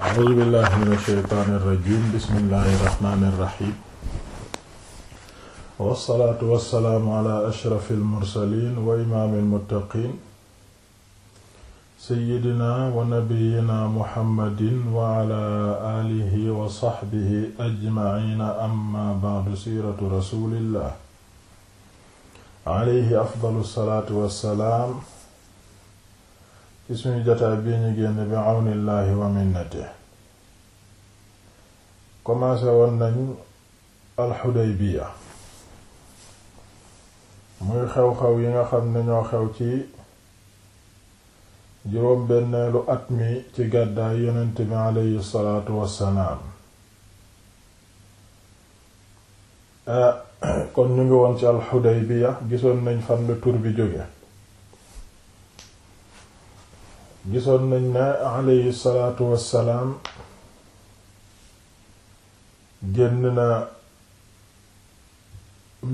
a'uuzu billahi mina shaytaani rajiim bismillahi rahmaani rahiim wassalaatu wassalaamu ala ashrafil mursaliin wa imaamil muttaqiin sayyidina wa nabiyyina muhammadin wa ala aalihi wa sahbihi ajmaciina amma ba'du siiratu rasuulillah alayhi afdalu salaatu wassalaam ci suñu jotaay bii ñu génn bi àwnillaahi wa minnati commencé woon nañu alxudaybiya muy xew-xew yi nga xam ne ñoo xew ci juróom-benneelu at mi ci gàddaay yonent bi aleyhi salaatu wassalaam eh, kon ñu ngi woon ci alxudaybiya gisoon nañ fan la tur bi jóge gisoon nañ ne alayhi salaatu wassalaam génn na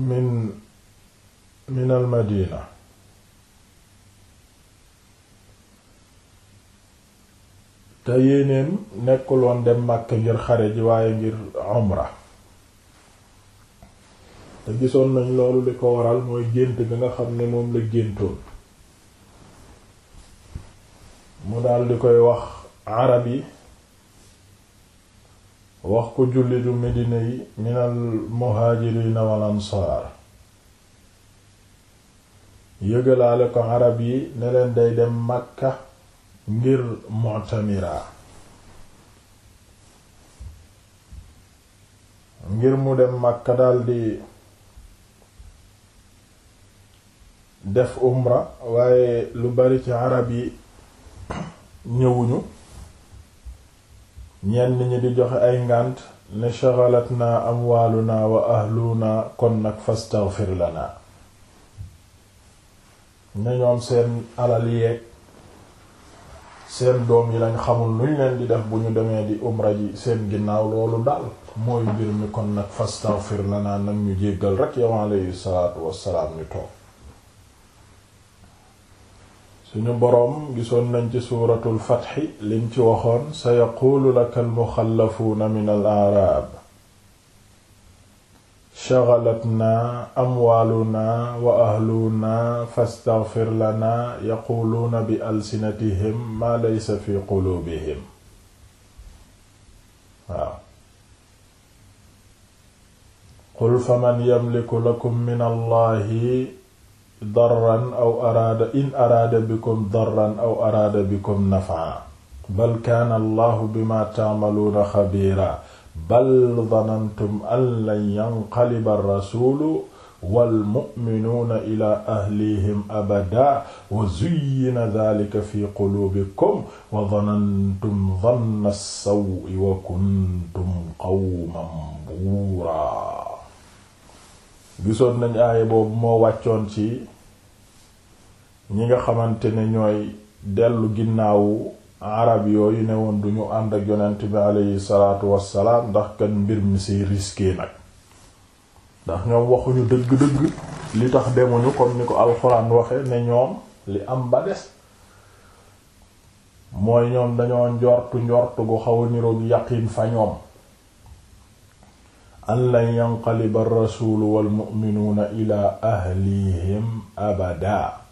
min min madina te yéenéem nekkul woon dem Makka ngir xare ji waaye ngir umra te gisoon nañ loolu di ko waral mooy gént ga nga xam ne moom la géntoon mu dal di koy wax arab yi wax ko jullitu medina yi minal muhaajiriina wal ansaar yëgalaale ko arab yi ne leen day dem makka ngir mu'tamira ngir mu dem makka daldi def umra waaye lu bari ci arab yi ñëwuñu ñenn ñi di joxe ay ngànt ne shaghalatna amwaaluna wa ahluna kon nag fastaghfir lana ne ñoom seen alal yeeg seen doom yi lañ xamul luñ leen di def bu ñu demee di umra ji seen ginnaaw loolu daal mooy mbir mi kon nag fastaghfir na nag ñu jéggal rek yow alayhi salaatu wassalaam ñu toog suñu boroom gisoon nañ ci suuratul fatxi liñ ci waxoon min al aaraab shagalatnaa wa ahlunaa fastaghfir lanaa yaquuluuna bi alsinatihim maa fi quluubihim qul faman yamliku lakum min allahi darran aw araada in araada bikum darran aw araada bikum nafaa bal kaana allahu bima taamaluuna xabiira bal danantum an lan yanqaliba rasuulu walmuminuuna ila ahlihim abada wa zuyyina dalika fi quluubikum wa danantum danna as-sawi wa kuntum qawman buuraa gisoon nañ aaya boobu moo wàccoon ci ñi nga xamante ne ñooy dellu ginnaawu arab yooyu ne woon duñu ànd ak yonent bi aleyhi salaatu wassalaam ndax kan mbir mi si risqué nag ndax ñoom waxuñu dëgg-dëgg li tax demuñu comme ni ko alxuraan waxe ne ñoom li am ba des mooy ñoom dañoo njortu njortu gu xaw a niroog yaqiin fa ñoom an lan yanqaliba ar mu'minuuna ilaa ahlihim abada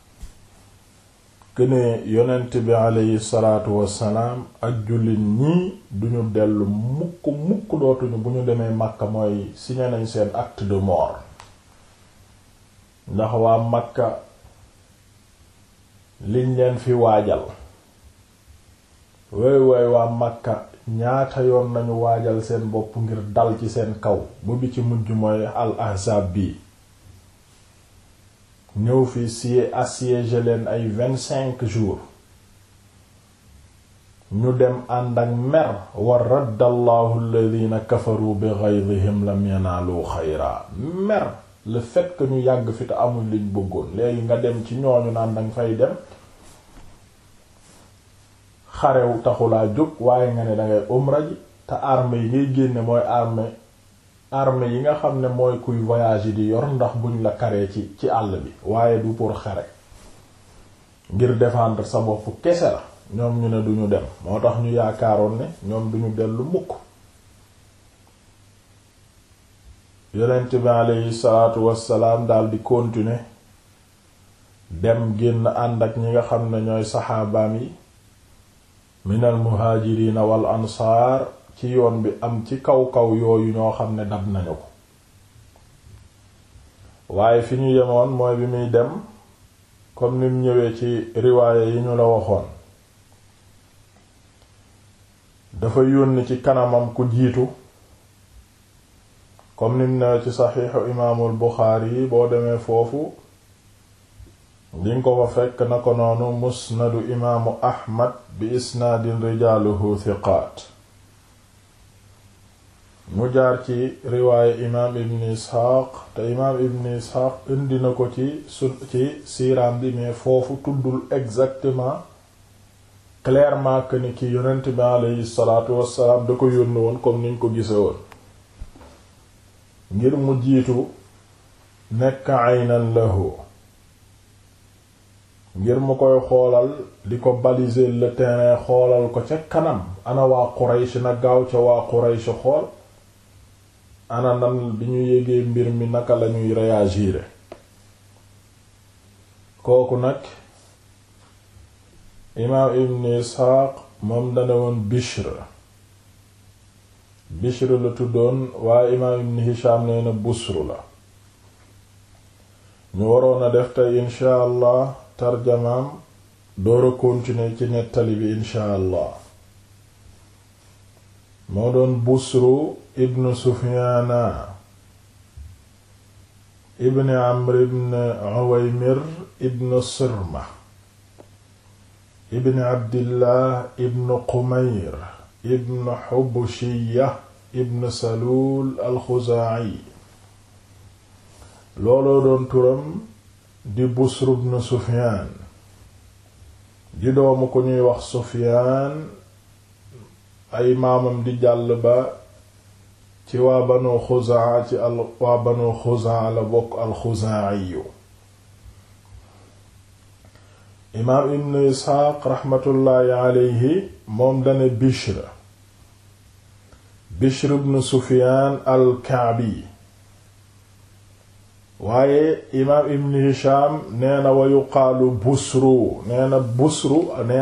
këne yonent bi aleyhi salaatu wassalaam ak jullit ñii duñu dellu mukk mukk dootuñu bu ñu demee Makka mooy signé nañ seen acte de mort ndax waa Makka liñ leen fi waajal way way waa Makka ñaata yoon nañu waajal seen bopp ngir dal ci seen kaw bu bi ci mujj mooy al ahzaab bii ñëw fi sie assiégé leen ay vingt-cinq jours ñu dem ànd ak mer wa raddallahu alladhina kafaru bi ghaydhihim lam yanaalu xayra mer le fait ñu yàgg fi te amul liñ bëggoon léegi nga dem ci ñooñu naan danga fay dem xarew taxulaa jóg waaye nga ne dangay umra ji te armée yi ngay génne mooy arme arme yi nga xam ne mooy kuy voyage yi di yor ndax buñ la karee ci ci àll bi waaye du pour xare ngir défendre sa bopp kese la ñoom ñu ne duñu dem moo tax ñu yaakaaroon ne ñoom duñu dellu mukk yonent bi aleyhi salaatu wassalaam dal di continuer dem génn ànd ak ñi nga xam ne ñooy saxaabaam yi minal muhaajiriina wal ansaar ci yoon bi am ci kaw kaw yooyu ñoo xam ne dab nañu ko waaye fi ñu yemoon mooy bi muy dem comme ni ñëwee ci riwaaya yi ñu la waxoon dafa yónni ci kanamam ku jiitu comme ni mu ci saxiixu imaamul Buxaari yi boo demee foofu dinga ko fa fekk na ko noonu musnadu imaamu Ahmad bi isnaadin rijaaluhu thiqaat mu jaar ci riwaaye imaam ibn isxaaq te imaam ibn isxaaq indi na ko ci su ci siiraam bi mais foofu tuddul exactement clairement que ni ki yonent bi aleyhi salaatu wassalaam da ko yónni woon comme niñ ko gisee woon ngir mu jiitu nekk aynan lahu ngir mu koy xoolal di ko baliser le terrain xoolal ko ca kanam ana waa Quraysh na gaaw ca waa Quraysh xool ana bi ñu yégee mbir mi naka lañuy réagir kooku nag imaam ibn isxaaq moom dane woon bishr bishr la tuddoon waaye imaam ibn hisham nee na la ñu waroon a def tey insha allah tarjamaam door a continuer ci nettali bi insha allah moo doon busru ibn sufiana ibn amr ibn awaymir ibn sirma ibn abdillah ibn qumayr ibn xubshiya ibn saluul alxuzaayi looloo doon turam di busru ibn sufiyaan di doomu ku ñuy wax sufiyaan ay maamam di jàll ba ci waa banu xuzaa ci al waa banu xuzaa la bokk alxuzaayu imaam ibnu isxaaq raxmatullaahi aleyhi moom dane bishr bishr ibnu sufiyaan al kaabi waaye imaam ibn hisham nee na wa yuqaalu busru nee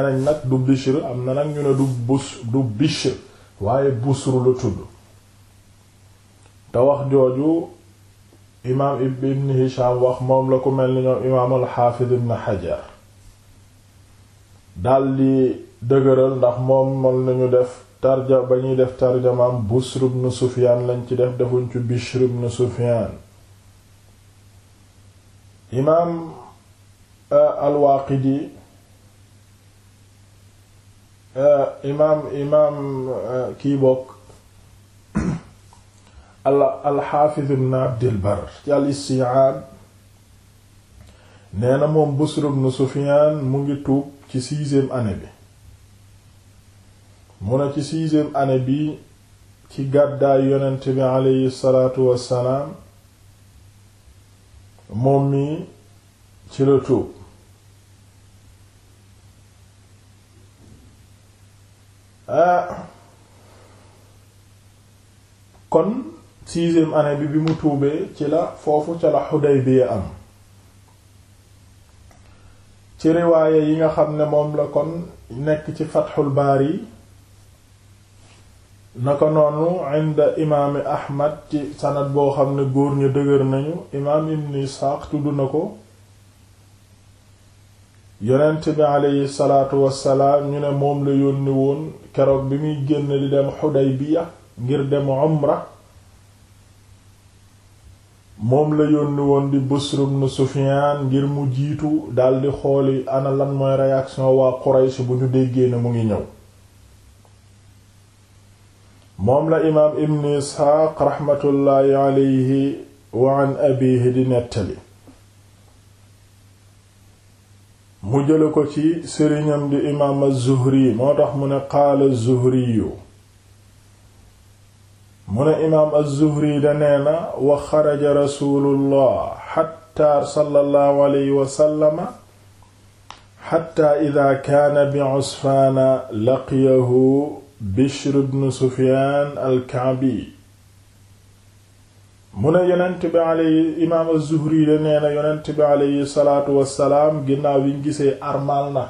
na nag du bishr am na nag ñu ne du bus du bishr waaye busru la tudd te wax jooju imaam ibn hisham wax moom la ko mel ni ñoom imaam alxaafid ibn dal di dëgëral ndax moom mën nañu def tarja ba ñuy def tarjamaam busru ibn sufyaan lañ ci def defuñ ci bishr ibn sufyaan imaam euh, al euh, imaam imaam euh, kii bokk al-Haafiz ibn Abdil ci al-Isti'aab nee moom Busr ibn Sufyaan mu ngi tuub ci sixième année bi mu ne ci sixième année bi ci gàddaay yonent bi aleyhi salaatu wassalaam moom mi ci la tuub ah. kon sixième année bi bi mu tuubee ci la foofu ca la bi am ci riwaaye yi nga xam ne moom la kon nekk ci Fatxul yi naka noonu inda imaami ahmad ci sanad boo xam ne góor ñu dëgër nañu imaam ibn isxaaq tudd na ko yonent bi aleyhi salaatu wassalaam ñu ne moom la yónni woon keroog bi muy génn di dem xudaybiya ngir dem umra moom la yónni woon di busr ibn sufiyaan ngir mu jiitu daldi xooli ana mooy réaction waa quraysh bu ñu déggee ne mu ngi ñëw moom la imaam ibn isxaaq raxmatullaahi aleyhi wa an abiihi di nettali mu jële ko ci sëriñam di imaam az-zuhri moo tax mu ne qaala az-zuhriyu mu ne imaam az-zuhri da nee na wa xaraja rasuulullah xatta sallallahu alayhi wa sallama xatta idaa kaana bi usfaana laqiyahu Bishr ibn Sufyaan al-Ka'bi mu ne yonent bi aleyhi imaam az-Zuhri de nee yonent bi aleyhi salaatu wassalaam ginnaaw yi ñu gisee armaal na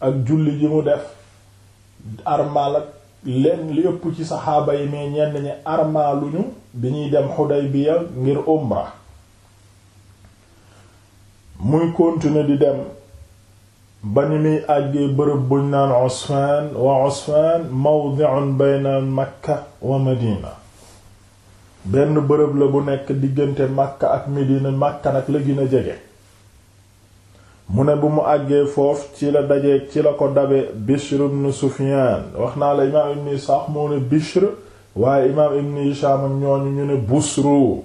ak julli ji mu def armaal ak lenn li ëpp ci saxaaba yi mais ñenn ñi armaaluñu bi ñuy dem Xudaybiya ngir umra muy continuer di dem ba ni muy àggee bërëb buñ naan Usfaan wa Usfaan mawdi'un bayna Madina benn bërëb la bu nekk diggante Makka ak Medina Makka nag la gina a jege mu ne bu mu àggee foofu ci la dajee ci la ko dabe Bishr ibn Sufyaan wax naa la imaam ibn Isaaq moo ne ñu ne Busru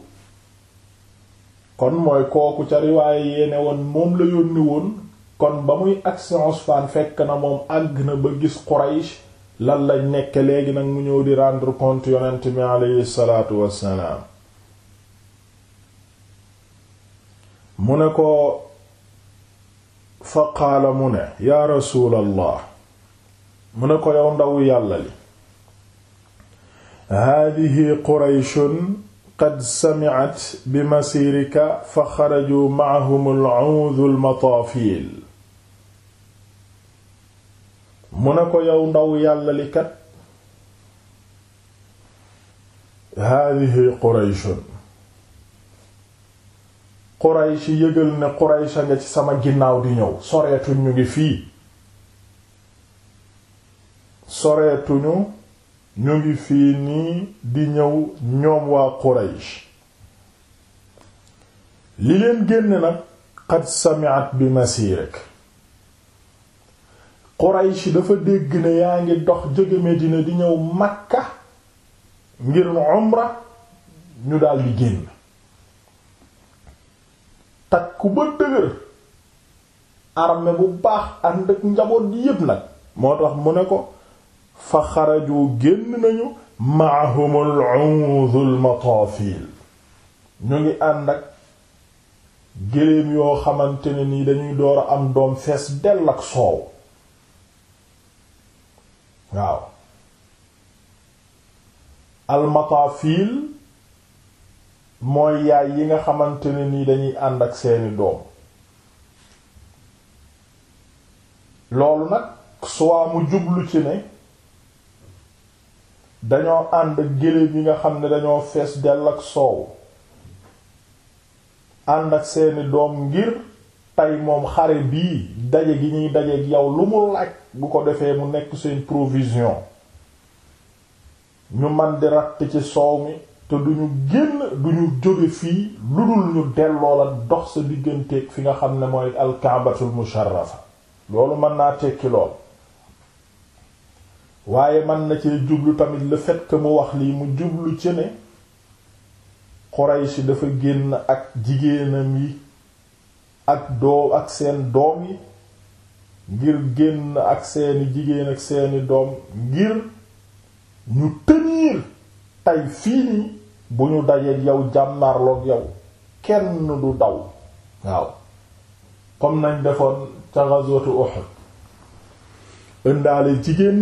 kon mooy kooku ca riwaaye yéene woon moom la yónni kon ba muy agsi Usfaan fekk na moom àgg na ba gis Quraysh lan lañ nekk léegi nag mu ñëw di rendre compte yonent mi aleyhi salaatu wassalaam mu ne ko fa qaala mu ne yaa rasuulallah mu ne ko yow ndawu yàlla li haadihi qurayshun qad sami'at bi masiirika fa xarajuu ma al'uudhu al-mataafiil mu ne ko yow ndaw yàlla li kat haadihi qurayshun quraysh yëgal ne quraysh nga ci sama ginnaaw di ñëw soreetuñ ñu ngi fii soreetuñu ñu ngi fii nii di ñëw ñoom waa quraysh li leen génn nag qad sami'at bi masiirik Quraysh dafa dégg ne yaa ngi dox jóge Medina di ñëw Makka ngir umra ñu daldi génn takku ba dëgër armée bu baax ànd ak njaboot yépp nag moo tax mu ne ko fa xaraju génn nañu maahumul uudul matafil ñu ngi ànd ak géléem yoo xamante ne nii dañuy door a am doom fees dell ak soow waaw almatafil mooy yaay yi nga xamante ne nii dañuy ànd ak seeni doom loolu nag soit mu jublu ci ne dañoo ànd ak géléem yi nga xam ne dañoo fees dell ak soow ànd ak seeni doom ngir tey moom xare bii daje gi ñuy dajeeg yow lu mu laaj bu ko defee mu nekk seen provision ñu man di ratt ci soow mi te duñu génn duñu jóge fii lu dul ñu delloo la dox sa digganteeg fi nga xam ne mooy alkaabatul musharrafa loolu mën naa tekki lool waaye mën na cee jublu tamit la fait mu wax lii mu jublu ci ne Quraysh dafa génn ak jigéenam yi ak doo ak seen doom yi ngir génn ak seeni jigéen ak seeni doom ngir ñu tenir tey fii nii bu ñu dajeek yow jàmmarloog yow kenn du daw waaw comme nañ defoon ca ghazwatu Uhud ëndaale jigéen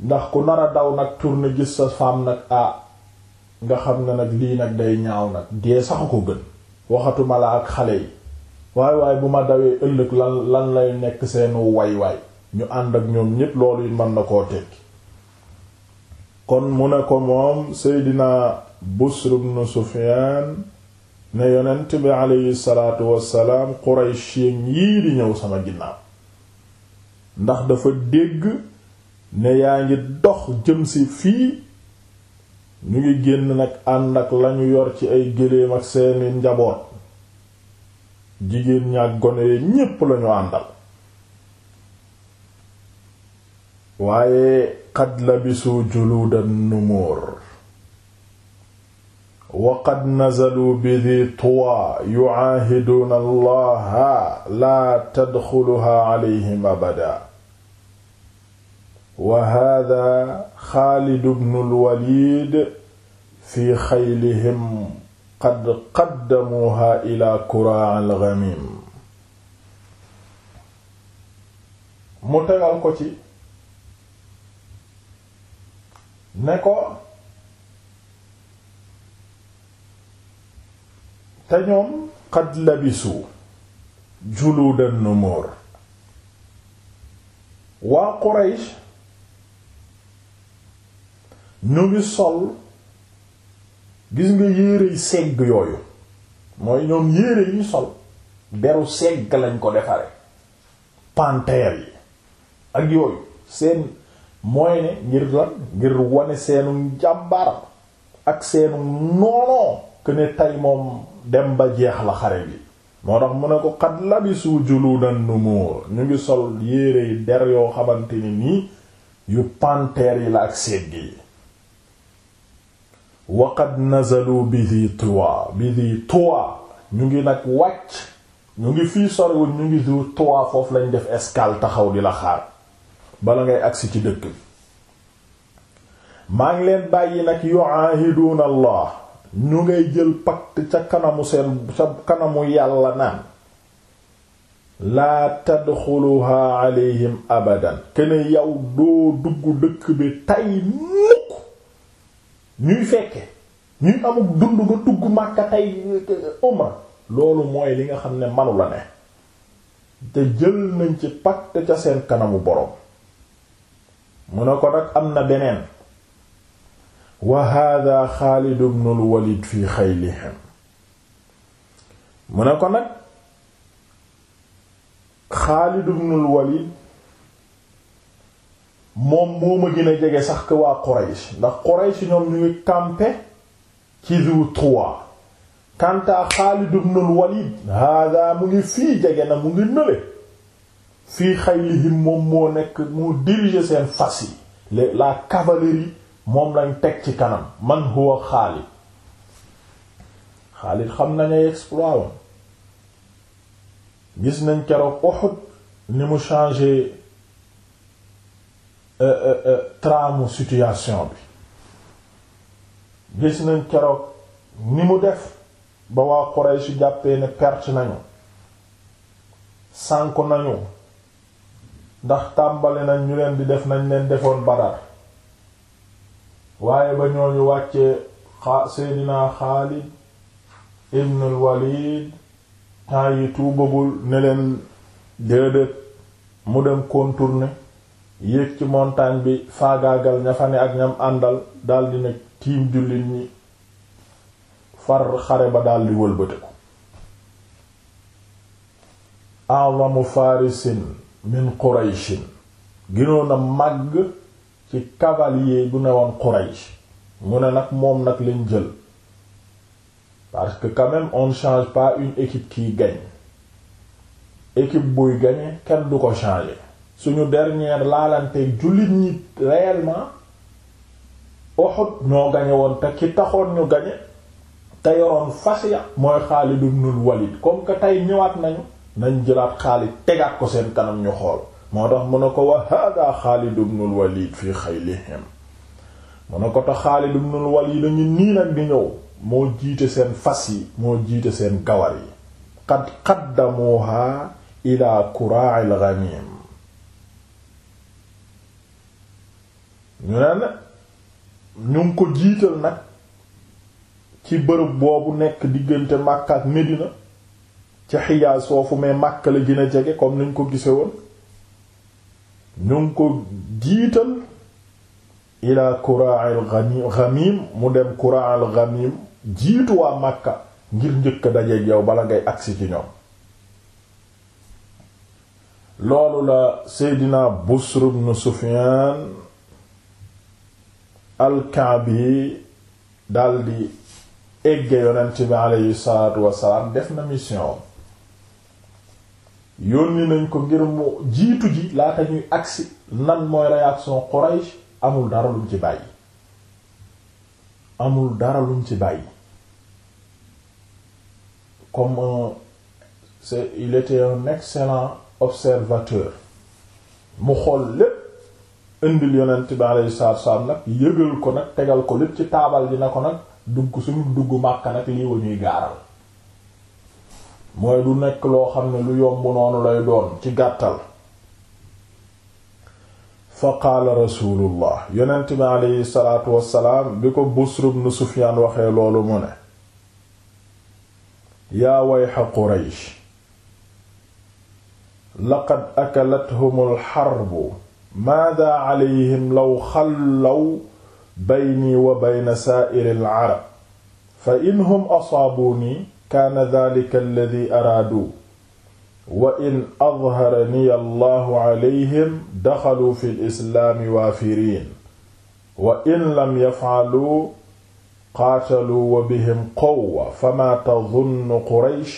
ndax ku nar daw nag tourne gis sa femme nag ah nga xam ne nag lii nag day ñaaw nag dee sax ko gën waxatuma la ak xale yi waay waay bu ma dawee ëllëg lan lan lay nekk seenu way waay ñu ànd ak ñoom ñépp loolu mën na koo tekki kon mu ne ko moom seydina Busr ibn Sufyaan ne yonent bi aleyhi salaatu wassalaam Qurayshien yii di ñëw sama ginnaaw ndax dafa dégg ne yaa ngi dox jëm si fii ñu ngi génn nag ànd ak lañu yor ci ay gëléem ak seeni njaboot jigéen ñaag gone ñépp lañu àndal waaye qad labisu juluudan numuur wa qad nazalu bi di tuwa yucaahiduuna allaha laa tadxuluha calayhim abada wa hada xaalidu bnu lwalid fi xaylihim qad qaddamuha ila kuraa al-ghamim mu tegal ko ci ne ko te ñoom qad labisu juluudan numuur waa Quraysh ñu ngi sol gis nga yéere yi segg yooyu mooy ñoom yére yi sol deru segg lañ ko defare panthère yi ak yooyu seen mooy ne ngir lan ngir wane seenu njàmbaar ak seenu noonoo que ne tey moom dem ba jeex la xare bi moo tax mu ne ko xat labisu juludan numur ñu ngi sol yéere yi der yoo xamante ni nii yu panthère yi la ak segg yi waqad nazalu bi di tuwa bi di ñu ngi nag wàcc ñu ngi fii sorewul ñu ngi du tuwa foofu lañ def escale taxaw di la xaar bala ngay agsi ci dëkk bi maa ngi leen bàyyi nag yu'aahiduuna allah ñu ngay jël pacte ca kanamu seen ca kanamu yàlla naan laa tadxuluha alayhim abadan kene yow doo dugg dëkk bi tey ñuy fekke ñuy amul dund nga dugg Makka tey loolu mooy li nga xam ne manu ne te jël nañ ci pacte ca seen kanamu boroom mu ne ko nag am na beneen wa hada Xaalid ibn al-Walid fi xaylihim mu ne ko nag Xaalid ibn al moom moo ma gën jege sax que waa Quraysh ndax Quraysh ñoom ñu ngi campé ci Dhu Tuwa kanta Xaalid ibn al-Walid mu ngi fii jege na mu ngi nële fii xaylihim moom moo nekk moo diriger seen fas yi la cavalerie moom lañ teg ci kanam man huwa Xaalid Xaalid xam na ay exploit woon gis nañ keroog Uhud ni mu changé Euh, euh, euh, traamu situation bi gis nañ keroog ni mu def ba waa Quraysh jàppee ne perte nañu sànk nañu ndax tàmbali nañ ñu leen di def nañ leen defoon Badar waaye ba ñooñu wàccee Seydina Xaalid ibn al-Walid temps yi tuubagul ne leen déedéet mu dem contourner yéeg ci montagne bi faagaagal ña fa ne ak ñam àndal daldi nag tiim jullit ñi far xare ba daldi wëlbatiku a'zamu farisin min qurayshin ginoon a màgg ci cavalier bu newoon quraysh mu ne nag moom nag lañ jël parce que quand on change pas une équipe qui gagne équipe buy gagner kenn du ko change suñu dernière laalanteeg jullit ñi réellement Uhud ñoo gañe woon te ki taxoon ñu gañe te yoroon fas ya mooy Xaalid ibn Walid comme que tey ñëwaat nañu nañ jëlaat Xaalid tegaat ko seen kanam ñu xool moo tax mu ne ko wa hada Xaalid ibn Walid fii xaylihim mu ne ko te Xaalid ibn Walid dañu nii nag di ñëw moo jiite seen fas yi moo jiite seen gawar yi qad qaddamuha ila kura'il ghamim ñu ne ñu ngi ko jiital nag ci bërëb boobu nekk diggante Makka ak Medina ci Hijaaz foofu mais Makka la gën a jege comme niñ ko gise woon ñu ngi ko jiital ila Qura al-Ghamim mu dem Qura al-Ghamim jiitu waa Makka ngir njëkk a dajeeg yow bala ngay agsi ci ñoom loolu la Seydina Busr ibn Sufyan alkaabi daldi egge yonent bi aleyhi salaatu wasalaam def na mission yoon yónni nañ ko ngir mu jiitu ji laata ñuy agsi nan mooy réaction Quraysh amul dara luñ ci bàyyi amul dara luñ ci bàyyi comme euh, c'est il était un excellent observateur mu xool lépp indil yonent bi alayhi salaatu salaam nag yëgal ko nag tegal ko lépp ci taabal dina ko nag dugg suñu dugg Makka nag lii wa ñuy gaaral mooy du nekk loo xam ne lu yomb noonu lay doon ci gàttal fa qaala rasulullah yonent bi alayhi salaatu wassalaam bi ko Busr ibn Sufyaan waxee loolu mu ne yaa wayxa Quraysh laqad akalathumul harbu maada alayhim law xallaw bayni wa bayna saa'iri al-arab fa inhum asaabuunii kaana daalika alladii araaduu wa in azharani allahu alayhim daxaluu fi lislaami waafiriin wa in lam yafcaluu qaataluu wa bihim quwwa famaa tadunnu quraysh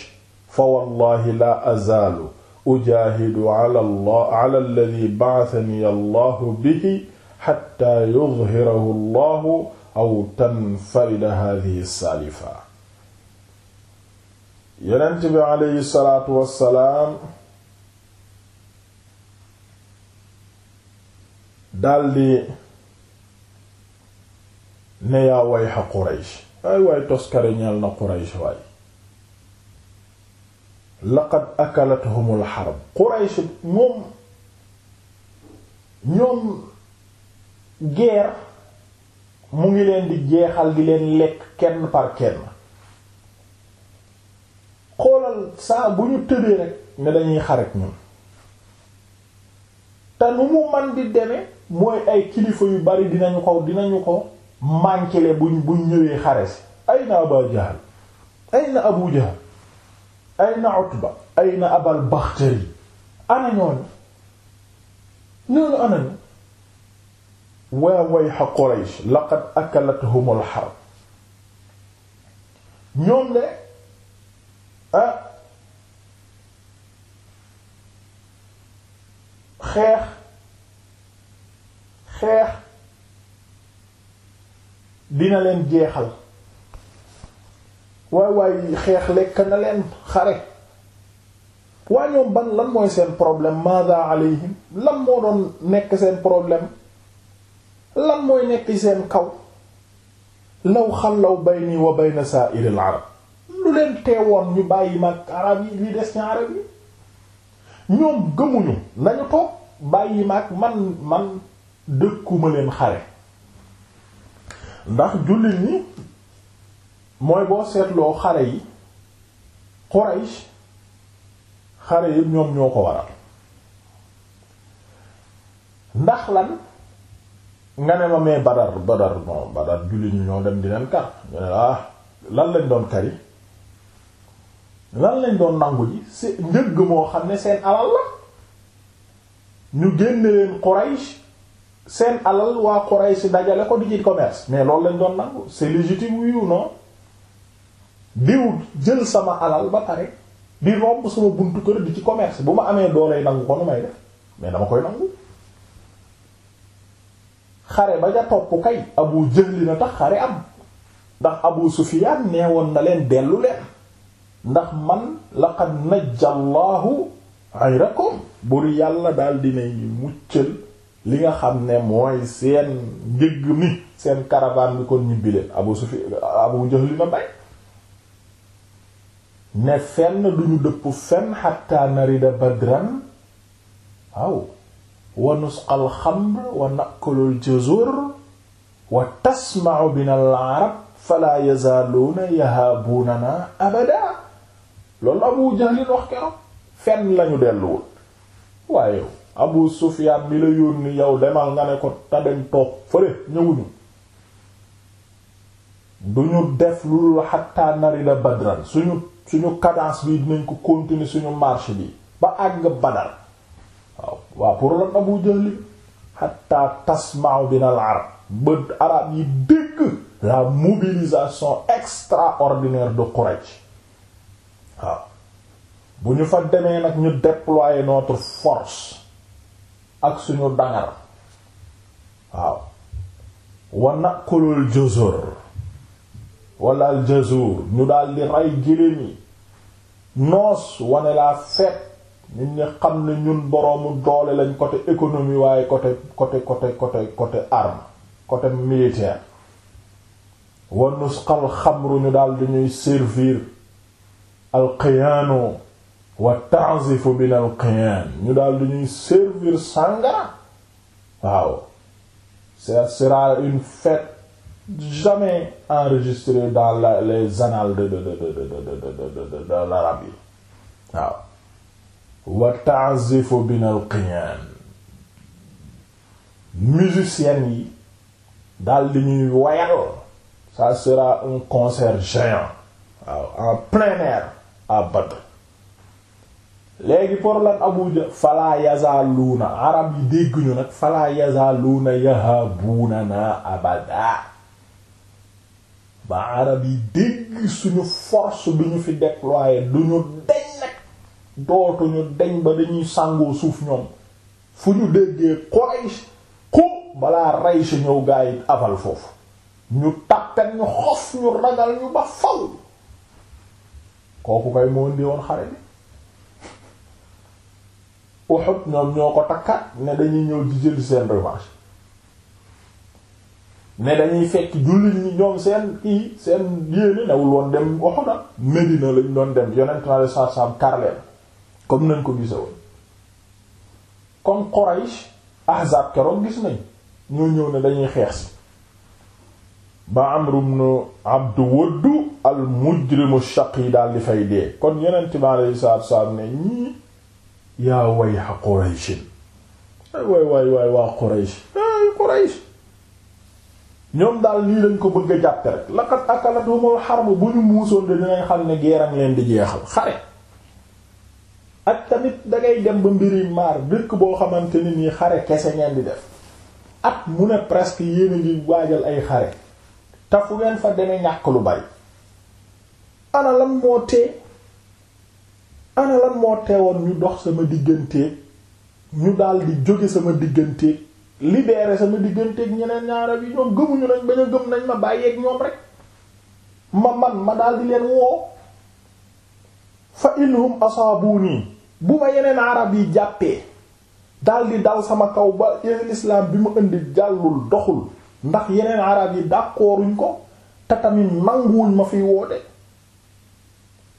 fa wallahi laa azaalu ujaahidu ala allah ala alladhi ba'athani allahu bihi hatta yuzhirahu allahu aw tanfarida hadhihi saalifa yonent bi aleyhi salaatu wassalaam daldi ne yaa wayxa Quraysh ay waay toskare ñeel na Quraysh waay laqad akalathumul harb Quraysh moom ñoom guerre mu ngi leen di jeexal di leen lekk kenn par kenn xoolal saa bu ñu tëddee rek ne dañuy xaret ñun te nu mu man di demee mooy ay kilifa yu bari dinañu ko dinañu ko mànkele buñ buñ ñëwee xare si ay na Aba Jahl ay na Abu Jahl ay na Utba ay na Abal Bakhtari ana ñooñu ñooñu ana ñu waa wayha Quraysh laqad akalathumul harb ñoom de ah xeex xeex dina leen jeexal waay waay xeex lekk na leen xare waa ñoom ban lan mooy seen problème mada alayhim lan moo doon nekk seen problème lan mooy nekk seen kaw law xallaw bayni wa bayna sa'iril arab lu leen teewoon ñu bàyyi mag arab yi li des ña arab yi ñoom gëmuñu nañu toog bàyyi mag man man dëkkuma leen xare ndax jullit ñi mooy boo seetloo xare yi Quraysh xare yi ñoom ñoo ko waral ndax lan nga ne ma mee Badar Badar bon Badar julli ñu ñoo dem di leen kar ñu ne ah, lan lañ doon kari lan lañ doon nangu yi se njëgg moo xam ne seen alal la ñu génne leen Quraysh seen alal waa Quraysh dajale ko di ci commerce mais loolu lañ doon nangu c'est légitime oui diw jël sama alal ba pare di romb suma buntu kër di ci commerce bu ma amee doolay nangu ko nu may def mais dama koy nangu xare ba ja topp kay abu jëli na tax xare am ndax abu sufiyaan neewoon na leen dellu leen ndax man laqad najjallahu ayrakum bur yàlla daal dinay muccal li nga xam ne mooy seen njëgg mi seen caravane bi kon ñibbi leen abu sufi abu jëli na bay ne fenn duñu dëpp fenn xatta narida badran waaw wa nusqal xamr wa nakulul jazur wa tasma'u bina al arab abu jahlin wax keroog fenn lañu delluwul waaye abu sufyaan mi la yónni yow demal nga ne ko ta dem fëre ñëwuñu duñu def lu xatta narida badran suñu suñu cadence bi dinañ ko continuer suñu marche bi ba àgg Badar waaw waaw pour lan Abu Jahl hatta tasma'u bin al arab ba arab yi dégg la mobilisation extraordinaire de Quraysh waaw bu ñu fa demee nag ñu déployer notre force ak suñu dangar waaw wa naqulul jazur wala al ñu daal di rey gëléem yi noos wane laa feet nit ñi xam ne ñun boroomu doole lañ côté économie waaye côté côté côté côté côté arme côté militaire wa nusqal xamru ñu daal dañuy servir alqiyaanu wa ta'zifu bin alqiyaan ñu daal dañuy servir sàngara waaw ce sera une fête jamais enregistré dans la les annales de de de de de de l'arabe yi waaw wa ta'zifu binal qiyan musiciennes yi daal di ñuy wayal ça sera un concert géant waaw en plein air à Badr léegi pour lan Abuja fala yazaluuna arab yi dégguñu nag fala yazaluuna yahabuuna na abada ba arab yi dégg suñu force bi ñu fi déployer duñu deñ nag dootuñu deñ ba dañuy sàngoo suuf ñoom fu ñu déggee Quraysh ku balaa rey sa ñëw gaa abal foofu ñu tàppet ñu xof ñu ragal ñu ba faw kooku kay moo indi woon xare bi Uhud ñoom ñoo ko takkat ne dañuy ñëw di jël seen revanche ne dañuy fekk jullit ñi ñoom seen i seen yéene newul woon dem Uhud Medina lañ doon dem yonent na saa saam karleen comme nañ ko gise woon comme Quraysh Ahzab keroog gis nañ ñoo ñëw ne dañuy xeex si ba Amr ibn Abd Wudd al mujrimu shaqi daal di fay dee kon yonent bi alayhi salaatu salaam ne ñii yaa wayha Quraysh waay waay waay waa Quraysh ay Quraysh ñoom daal lii dañ ko bëgg a jàppe rek laqad akalathumul harb bu ñu muusoon de dinañ xam ne geeram leen di jeexal xare ak tamit dangay dem ba mbiri maar dëkk boo xamante ni nii xare kese ngeen di def at mu ne presque yéen ngi waajal ay xare te fu ngeen fa demee ñàkk lu bari ana moo tee ana moo teewoon ñu dox sama diggante ñu dal di jóge sama diggante libéré sama digganteeg ñeneen ñaara bi ñoom gëmuñu nañ bañ a gëm nañ ma bàyyeeg ñoom rek ma man ma daal leen woo fa inhum asaabuni bu ma yeneen arab yi jàppee daal dal sama kaw ba l'islam bi mu indi jàllul doxul ndax yeneen arab yi d'accorduñ ko te tamit nanguwuñ ma fiy woote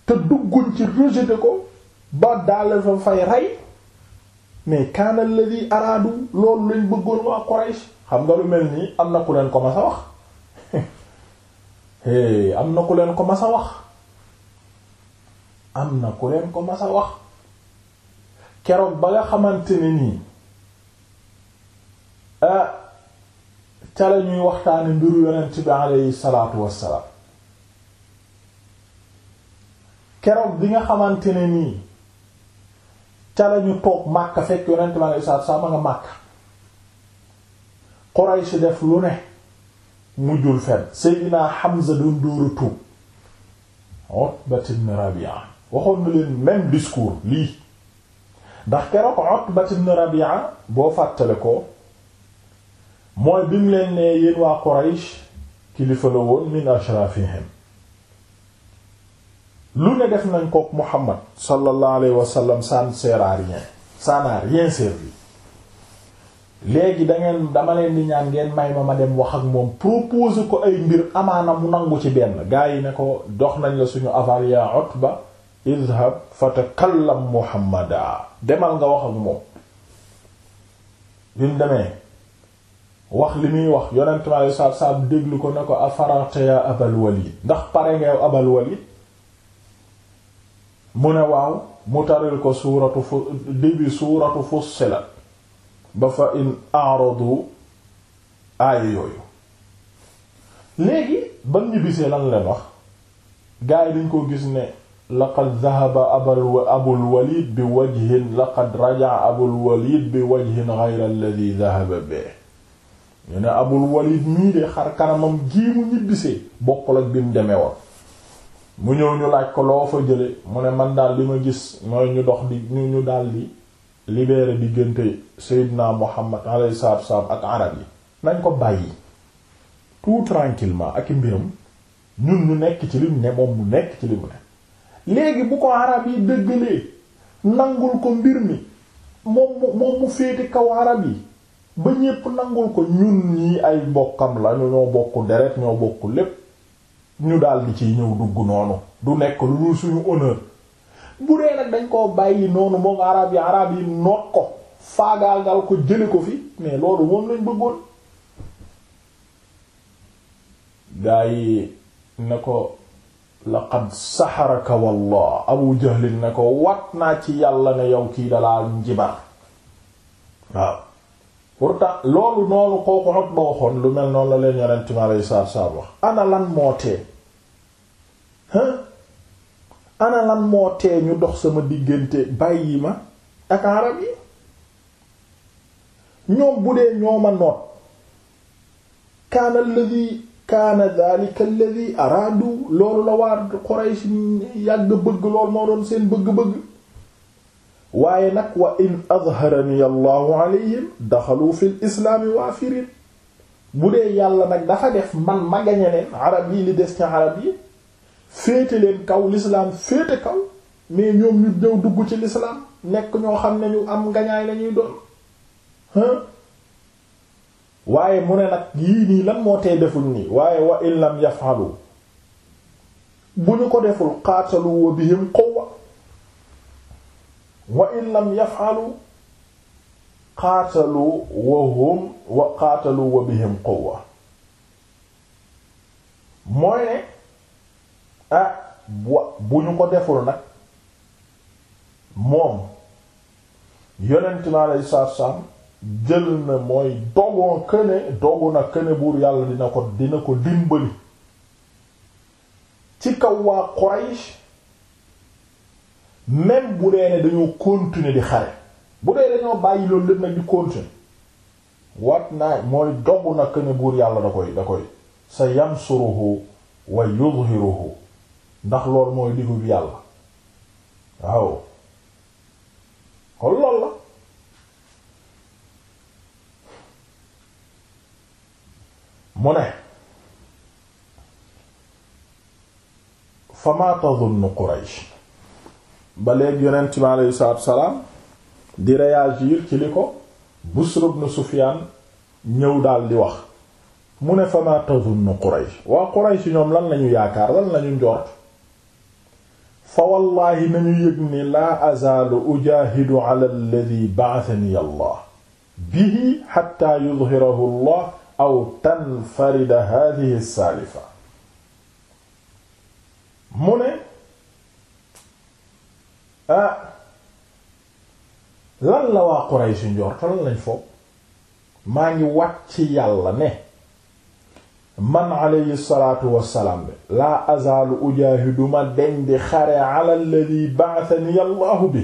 te dugguñ ci rejeté ko ba daal fa fay rey mais kaana alladhi araadu loolu lañ bëggoon waa Quraysh xam nga lu mel nii am na ku leen ko mas a wax am na ku leen ko mas a wax am na ku leen ko mas a wax keroog ba nga xamante ne nii ah ca ñuy waxtaane mbiru yonent bi alayhi salaatu wassalaam keroog bi nga xamante ne nii ca lañu toog Makka fekk yonent bi aleyhi salaatu salaam a nga Makka Quraysh def lu ne mujjul fenn Seydina Hamza doon dóoru tuub Utbat ibn Rabi'a waxoon na leen même discours lii ndax keroog Utbat ibn Rabi'a boo fàttale ko mooy bi mu leen ne yéen waa Quraysh kilifa la woon min ashrafihim lu ne def nañ kook Muhammad sallallahu alayhi wa sallam ça ne sert à yi ça n'a rien léegi dangeen dama leen di ñaan ngeen may ma ma dem wax ak moom proposer ko ay mbir amaana mu nangu ci benn gaa yi ne ko dox nañ la suñu aval ya Utba idhab fatakallam Muhammada demal nga wax ak moom bi demee wax li muy wax yonent mi sallallahu alayhi déglu ko ne ko afarata ya Abal Walid ndax pare nga yow Abal Walid mu ne waaw mu taril ko suuratu fu dibi suuratu Fussilat ba fa in a'radu aaya yooyu léegi ban ñu lan leen wax gars yi dañ ko gis ne laqad dhahaba abul abul walid bi wajhin laqad raja'a abul walid bi wajhin ghayra alladhi dhahaba bee ñu ne abul walid mii de xar kanamam gii mu ñibbisee bokkul ak bi mu demee woon mu ñëw ñu laaj ko loo fa jële mu ne man daal li ma gis mooy ñu dox di ñu ñu daal di libéré diggante Seydina Muhammad alayhi salaatu wassalaam ak arab yi nañ ko bàyyi tout tranquillement ak i mbiram ñun ñu nekk ci lim ne moom mu nekk ci lim ne léegi bu ko arab yi dëggalee nangul ko mbir mi moom mu moom mu féete kaw arab yi ba ñépp nangul ko ñun ñi ay mbokkam la ñoo bokk deret ñoo bokk lépp ñu daal di ciy ñëw dugg noonu du nekk lu dul suñu honneur bu dee nag dañ koo bàyyi noonu moom arab yi arab yi noot ko faagaagal ko jële ko fi mais loolu moom lañ bëggoon gaa yi ne ko laqad saxaraka wallah abu jahlin ne ko wat naa ci yàlla ne yow kii dalaa njibar waaw pourtant loolu noonu kooku xot ba waxoon lu mel noonu la leen yonent mi alayhi salaatu salaam wax ana moo tee ana lan moo tee ñu dox sama diggante bàyyi ma ak arab yi ñoom bu dee ñooma noot kaana alladhi kaana dhalika alladhi araadu loolu la waa Quraysh yàgg bëgg loolu moo doon seen bëgg-bëgg waaye nag wa in adharani allahu alayhim daxalu fi islaami waafirin bu dee yàlla nag dafa def man ma gañe leen arab yi li des ci arab yi féete leen kaw l'islam féete kaw mais ñoom ñu ñëw dugg ci l'islam nekk ñoo xam ne ñu am ngañaay lañuy doon hein waaye mu ne nag yii nii lan moo tey deful nii waaye wa in lam yafalu bu ñu ko deful qaatalu wa bihim quwwa wa in wa hum wa qaatalu mooy ne ah wa bu ñu ko deful nag moom yonent mi aleyhi salaatu salaam jël na mooy dogoon këne dogu na këne buur yàlla dina ko dina ko dimbali ci kaw waa Quraysh même bu dee ne dañoo continuer di xare bu dee dañoo bàyyi loolu lépp nag di continuer wat naa mooy dogu na këne buur yàlla da koy da koy sa yansuruhu wa yudhiruhu ndax lool mooy digub yàlla waaw kon lool la mu ne fama tadunnu Quraysh ba léegi yonent bi aleyhi salaam di réagir ci li ko Busr ibn Sufyaan ñëw daal di wax mu ne fama tadunnu Quraysh waa Quraysh ñoom lan lañu yaakaar lan lañu njort fa wallaahi nañu yëg ni laa azaalu ujaahidu ala alladhi ba'athani allah bihi hatta yudhhirahu allah aw tanfarida hadhihi saalifa mu ne ah lan la waa Quraysh njortal lañ foog maa ngi wàcc yàlla ne man alayhi salaatu wassalaam bi laa azaalu ujaahidu ma deñ di xare ala alladhi ba'athani allahu bi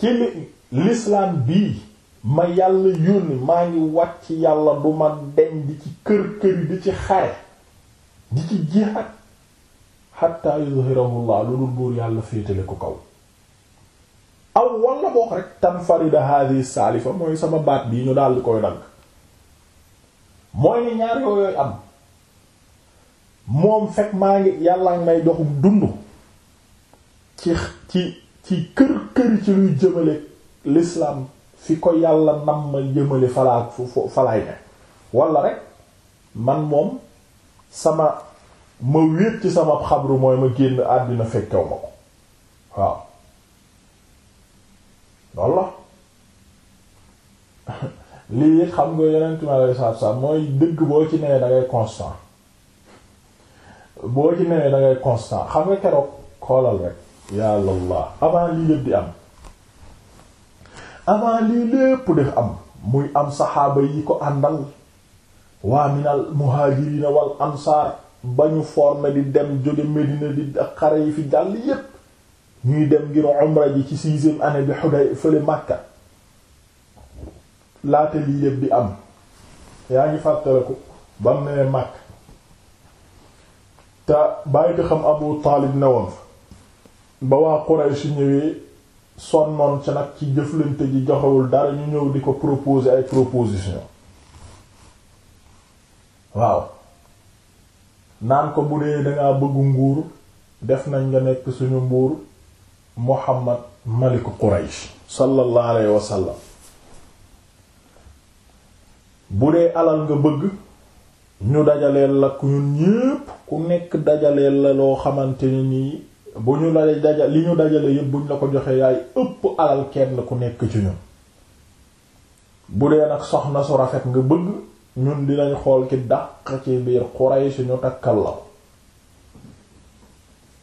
ci lislaam bii ma yàlla yónni maa ngi wàcc yàlla du ma deñ di ci kër kër di ci xare di ci jihaad hatta yuzhirahu lu dul buur yàlla féetale ko kaw aw walla boo ko rek tanfarida hadhihi saalifa mooy sama baat bii ñu daal di koy dagg mooy ne ñaar yooyu am moom fekk maa ngi yàlla may doxum dund ci ci ci kër kër ci luy jëmale lislaam fi ko yàlla nam ma jëmale falaa falaay ne wala rek man moom sama ma wéet ci sama xabru mooy ma génn àddina fekkew ma ko waaw walla lii xam nga yeneen ma saab saab mooy dëgg boo ci newee da constant boo ci newee da constant xam nga keroog xoolal rek yàlla allah avant lii lépp di am avant lii lépp def am muy am saxaaba yi ko àndal waa minal muhajirina wal ansaar ba ñu formé di dem jóge Medina di xare yi fi jàll yépp ñuy dem ngir umra ji ci sixième année bi Hudayfa fële Makka laata lii yëpp di am yaa ngi fàttaliku ba mu ne mag te bàyyi di xam Abu Taalib ne woon ba waa Quraysh ñëwee sonnoon ci nag ci jëflante ji joxewul dara ñu ñëw di ko proposer ay proposition waaw naan ko bu dee dangaa bëgg nguur def nañ nga nekk suñu mbuur Muhammad maliku Quraysh sallallahu alayhi wa sallam bu dee alal nga bëgg ñu dajaleel la ku ñun ñépp ku nekk dajaleel la loo xamante ne nii bu ñu la daja li ñu dajale yépp buñ la ko joxee yaay ëpp alal kenn ku nekk ci ñun bu dee nag soxna su rafet nga bëgg ñun dinañ xool ki dàq ci biir Quraysh ñu takkal la ko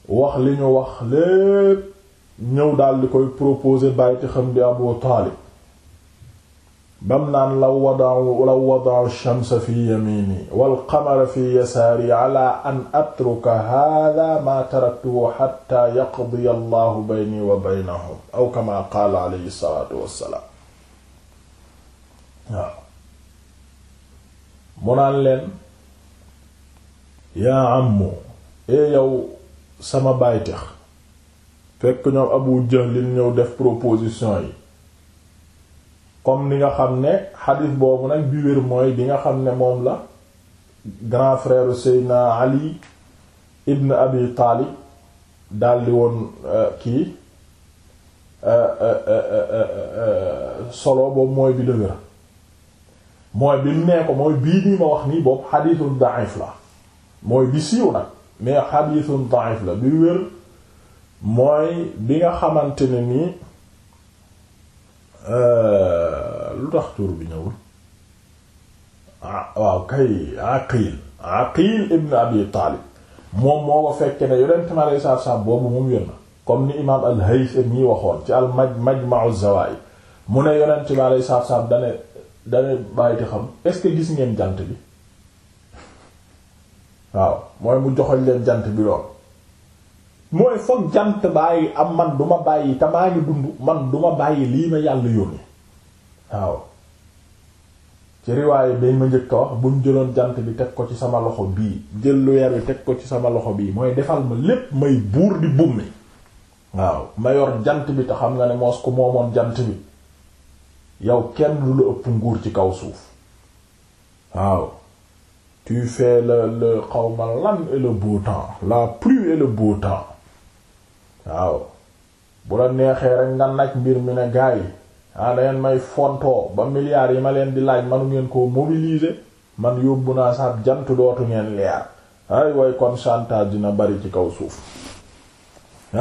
wax li ñu wax lépp ñëw daal di koy proposer bàyyi te xam di Abu Taalib bam naan law wada'u law wada'u ash-shamsa fi yamini wal qamara fi yasaari ala an atruka hadha ma taraktuhu hatta yaqdiya allahu bayni wa baynahum aw kama qaala alayhi salaatu wassalaam waaw mu naan leen yaa ammu ee yow sama baaytex fekk ñoom Abu Jahl ñëw def proposition yi comme ni nga xam ne xadis boobu nag bi wér mooy bi nga xam ne moom la grand frère Seydina Ali ibn Abi Taalib daldi woon euh, kii euh, euh, solo boobu mooy bi dëgër mooy bi mu nee ko mooy bii nii ma wax nii boobu xadiisul da'if la mooy bi siiw nag mais xadiisul da'if la bi wér mooy bi nga xamante ne nii lu tax tur bi ñëwul ah, waaw kay Aqil Aqil ibn Abi Taalib moom moo ko fekke ne yonent mi alayhi salaatu salaam boobu moom wér na comme ni imaam al-Haythami waxoon ci al maj Majma'u Zawaa'id mu ne yonent mi alayhi salaatu salaam dane dane bàyyiti xam est que gis ngeen jant bi waaw mooy mu joxoñ leen jant bi lool mooy foog jant bàyyi am man du bàyyi te maa dund man du bàyyi lii ma yàlla yónni waaw ci riwaaye bay ma njëkk a wax buñ jëloon jant bi teg ko ci sama loxo bii jël weer bi teg ko ci sama loxo bii mooy defal ma lépp may buur di bummi waaw ma jant bi te xam nga ne moos ku moomoon jant bi yow kenn du la ëpp nguur ci kaw suuf waaw tu fais le le xawma lan et le beau temps la pluie et temps waaw bu la neexee rek nga naj mbir mi ne gaa ah dangeen may fontoo ba milliards yi ma leen di laaj manu ngeen koo mobiliser man yóbbu naa sax jant dootu ngeen leer ay waay kon dina bari ci kaw suuf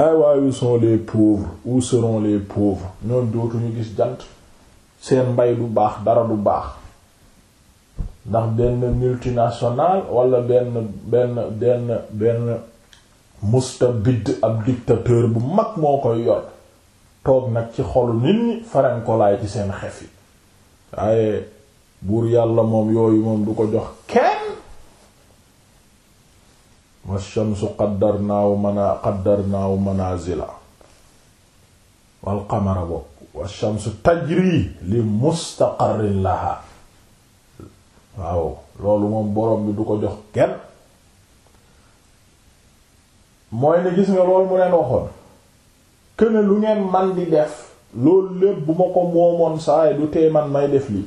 ay waay où sont les pauvres où seront les pauvres ñoom gis jant seen mbay du baax dara du baax ndax benn multinational wala benn benn benn benn mustabid ab dictateur bu mag moo koy yor toog nag ci xolu nit ñi farankolaay ci seen xef yi waaye buur yàlla moom yooyu moom du ko jox kenn wa shamsu qaddarnaahu mana qaddarnaahu manazila wal qamara bopp wa shamsu tajri li mustaqarrin laha waaw loolu moom borom bi du ko jox kenn mooy ne gis nga loolu mu leen waxoon ne lu ngeen man di def loolu lépp bu ma ko moomoon saay du tee man may def lii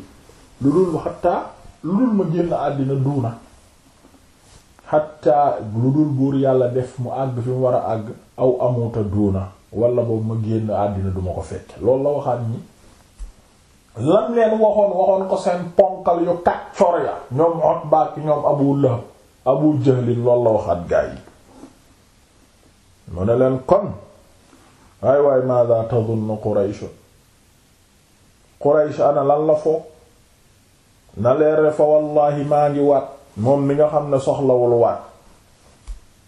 lu dul xattaa lu dul ma génn àddina duuna xattaa lu dul buur yàlla def mu àgg fi mu war a àgg aw amuta duuna wala boobu ma génn àddina duma ko fekk loolu la waxaat ñi lan leen waxoon waxoon ko seen ponkal yu kaccoor ya ñoom Utba ak ñoom Abu Lahab Abu Jahlin loolu la waxaat gaa yi mu ne leen kon waay waay maada tadunnu Quraysh Quraysh ana lan la foo na leere fa wallaahi maa ngi waat moom mi nga xam ne soxlawul waat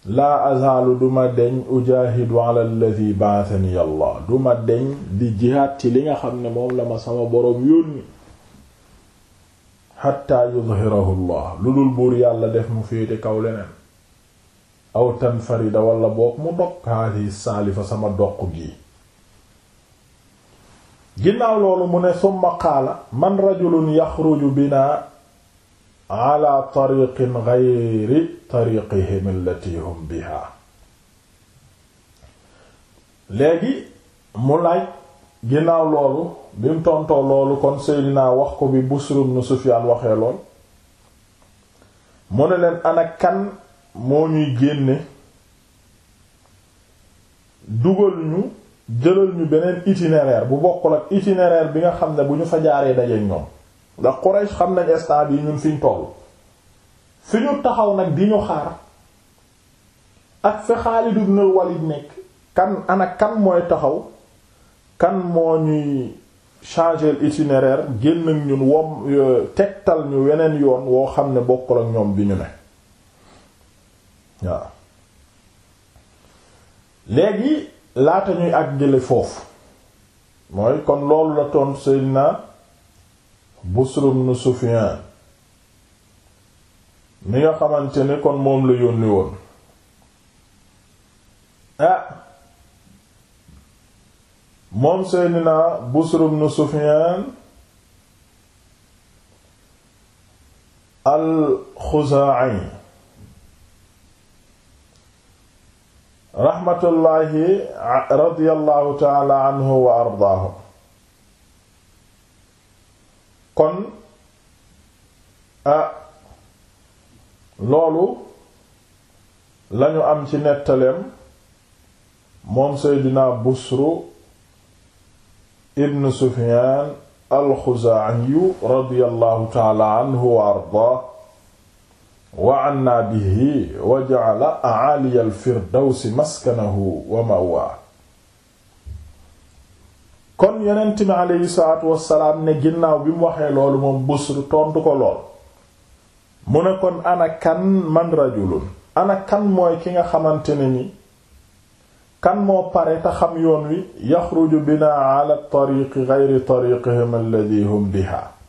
laa azaalu duma deñ ujaahidu ala alladhi ba'athani duma deñ di jihaad ci li nga xam ne moom la ma sama boroom yónni xatta yudhirahu Allah lu dul buur yàlla def mu féete kaw leneen aw tanfarida walla boog mu dog haadi saalifa sama doq gi ginnaaw loolu mu ne summa qaala man rajulun yaxruju bina ala tariqin gayri tariqihim allati hum biha léegi mu laaj ginnaaw loolu bi mu tontoo loolu kon Seydina wax ko bi Busr ibn Sufyaan waxee lool mu ne leen ana kan moo ñuy génne dugal ñu jëlal ñu beneen itinéraire bu bokkul ak itinéraire bi nga xam ne bu ñu fa jaaree dajeek ñoom ndax Quraysh xam nañ instant bii ñun fiñ toll fi ñu taxaw nag di ñu xaar ak fi Xaalid ibn Walid nekk kan ana kan mooy taxaw kan moo ñuy changer l'itinéraire génn ak ñun wom euh, tegtal ñu weneen yoon woo xam ne bokkul ak ñoom bi ñu ne waaw léegi laata ñuy àggale foofu mooy kon loolu la toon Seydina Busr ibn Sufyan mi nga xamante kon moom la yónni woon ah moom Seydina Busr ibn Sufyan al-Khuzaa'i raxmatullaahi radiyallahu taala anhu wa ardaahu kon a ah, loolu lañu am ci nettaleem moom seydina busru ibn sufiyaan alxuzaaniyu radiyallahu taala anhu wa ardaahu wa anna bihi wa ja'ala a'ali al-firdawsi maskanahu wa ma'wa kon yonent mi aleyhi salaatu wassalaam ne ginnaaw bi mu waxee loolu moom Busr tontu ko lool mu ne kon ana kan man rajulun ana kan mooy ki nga xamante ne ni kan moo pare te xam yoon wi yaxruju bina ala tariqi ghayri tariqihim alladhi hum biha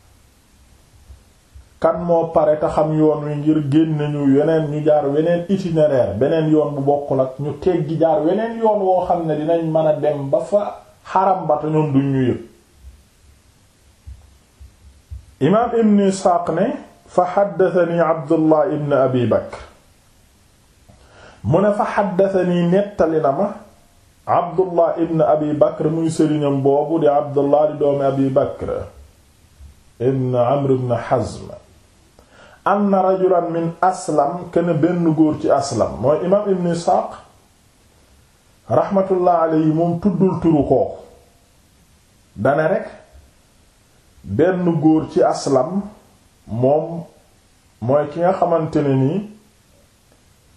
kan moo pare te xam yoon wi ngir génn ñu yeneen ñu jaar weneen itinéraire beneen yoon bu bokkul ak ñu teggi jaar weneen yoon woo xam ne dinañ mën a dem ba fa xaram ba te ñoom duñ ñu yëg imaam ibn isxaaq ne fa xaddatani abdullah ibn abi bakr mu ne fa xaddatani nettali na ma abdullah ibn abi bakr muy sëriñam boobu di abdullah di doomi abi bakr ibn amr hazm anna rajulan min aslam kenn benn góor ci aslam mooy imaam ibn isxaaq raxmatullah alayhi moom tuddul turu kooku dane rekk benn góor ci aslam moom mooy ki nga xamante ne nii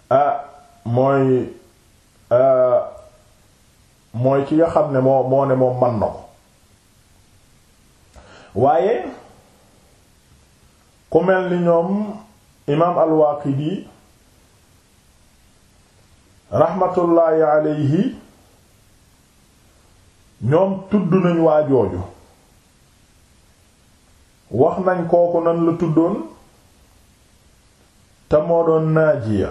ah mooy mooy ki nga xam ne moo moo ne moom man na ko waaye ku mel ni ñoom imaam al yi raxmatullaahi alayhi ñoom tudd nañ waa jooju wax nañ kooku nan la tuddoon te moo doon naajiya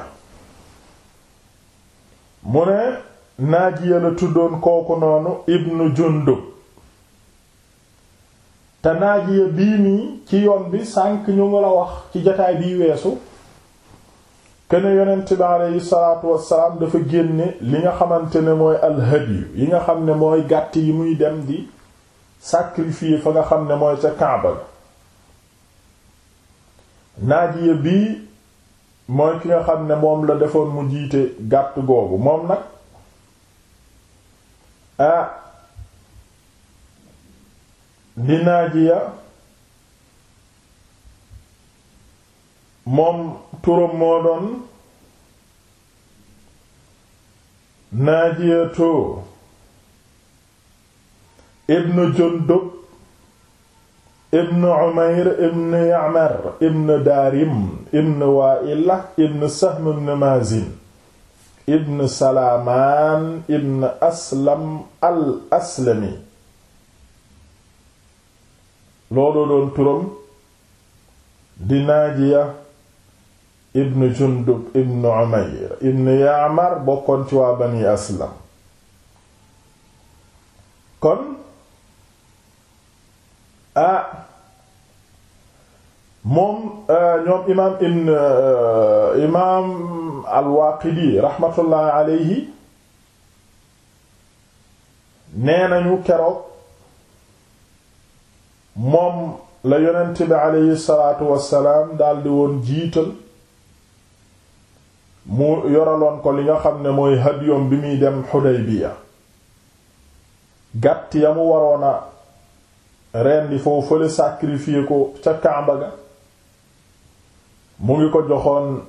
mu ne naajiya la tuddoon kooku noonu ibnu jundub te naajiya bii nii ci yoon bi sànq ñu ngi la wax ci jataay biy weesu kene yonent bi aleyhi salaatu wassalaam dafa génne li nga xamante ne mooy alhadiyu yi nga xam ne mooy gàtt yi muy dem di sacrifier fa nga xam ne mooy sa Kaaba naajiya bii mooy ki nga xam ne moom la defoon mu jiite gàtt boobu moom nag ah di naajiya moom turam moo doon naajiyatu ibnu jundub ibnu umayr ibnu ya'mar ibnu daarim ibnu waa'ila ibnu sahm ibnu maazin ibnu salaamaan ibnu aslam al aslami looloo doon turam di naajiya ibnu jundub ibnu umayr ibnu yaamar bokkoon waa bani aslam kon ah moom ñoom imaam ibn imaam al-Waaqidi raxmatullaahi alayhi nee nañu keroog moom la yonent bi aleyhi salaatu wassalaam daldi woon jiital mu yoraloon ko li nga xam ne mooy hadyoom bi muy dem Xudaybiya gàtt ya mu waroon a rendi foofu fële sacrifier ko ca Kaaba ga mu ngi ko joxoon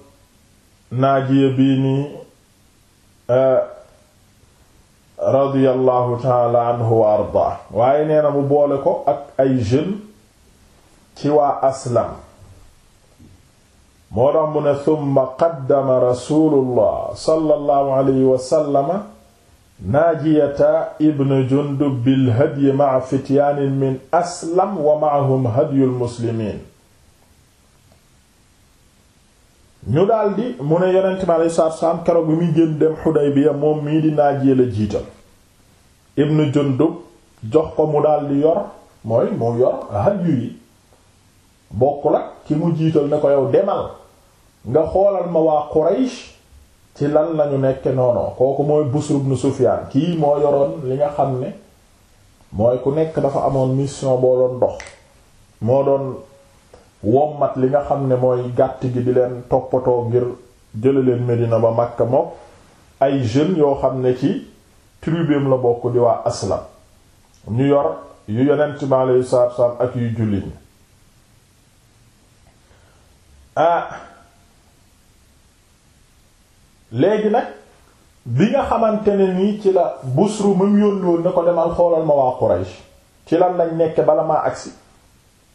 naajiya bii nii euh, radiyallahu taala anhu mu boole ko ak ay jeune ci waa aslam moo tax mu ne summa qaddama rasulullah alayhi wa naajiyata ibn jundub bil hadyi ma'a fityaanin min aslam wa ma'ahum hadyul muslimiin ñu daldi mu ne yonent alayhi salaam keroog bi muy génn moom mii di naajiya la ibnu jundub jox ko mu daal di yor mooy moom yor hadyu yi bokk la ki mu jiital ne ko yow demal nga xoolal ma waa Quraysh ci lan lañu nekke noonu kooku mooy Busr ibn Sufyan kii moo yoroon li nga xam ne mooy ku nekk dafa amoon mission boo doon dox moo doon wommat li nga xam ne mooy gàtt gi di leen toppatoo ngir jële leen Medina ba Makka mook ay jeunes yoo xam ne ci tribeem la bokk di waa aslam ñu yor yu yonent mi aleyhi salaam ak yu jullit ñi ah léegi nag bi nga xamante ne nii ci la busru mu yónni woon ne ko demal xoolal ma waa Quraysh ci lan lañ nekk bala maa agsi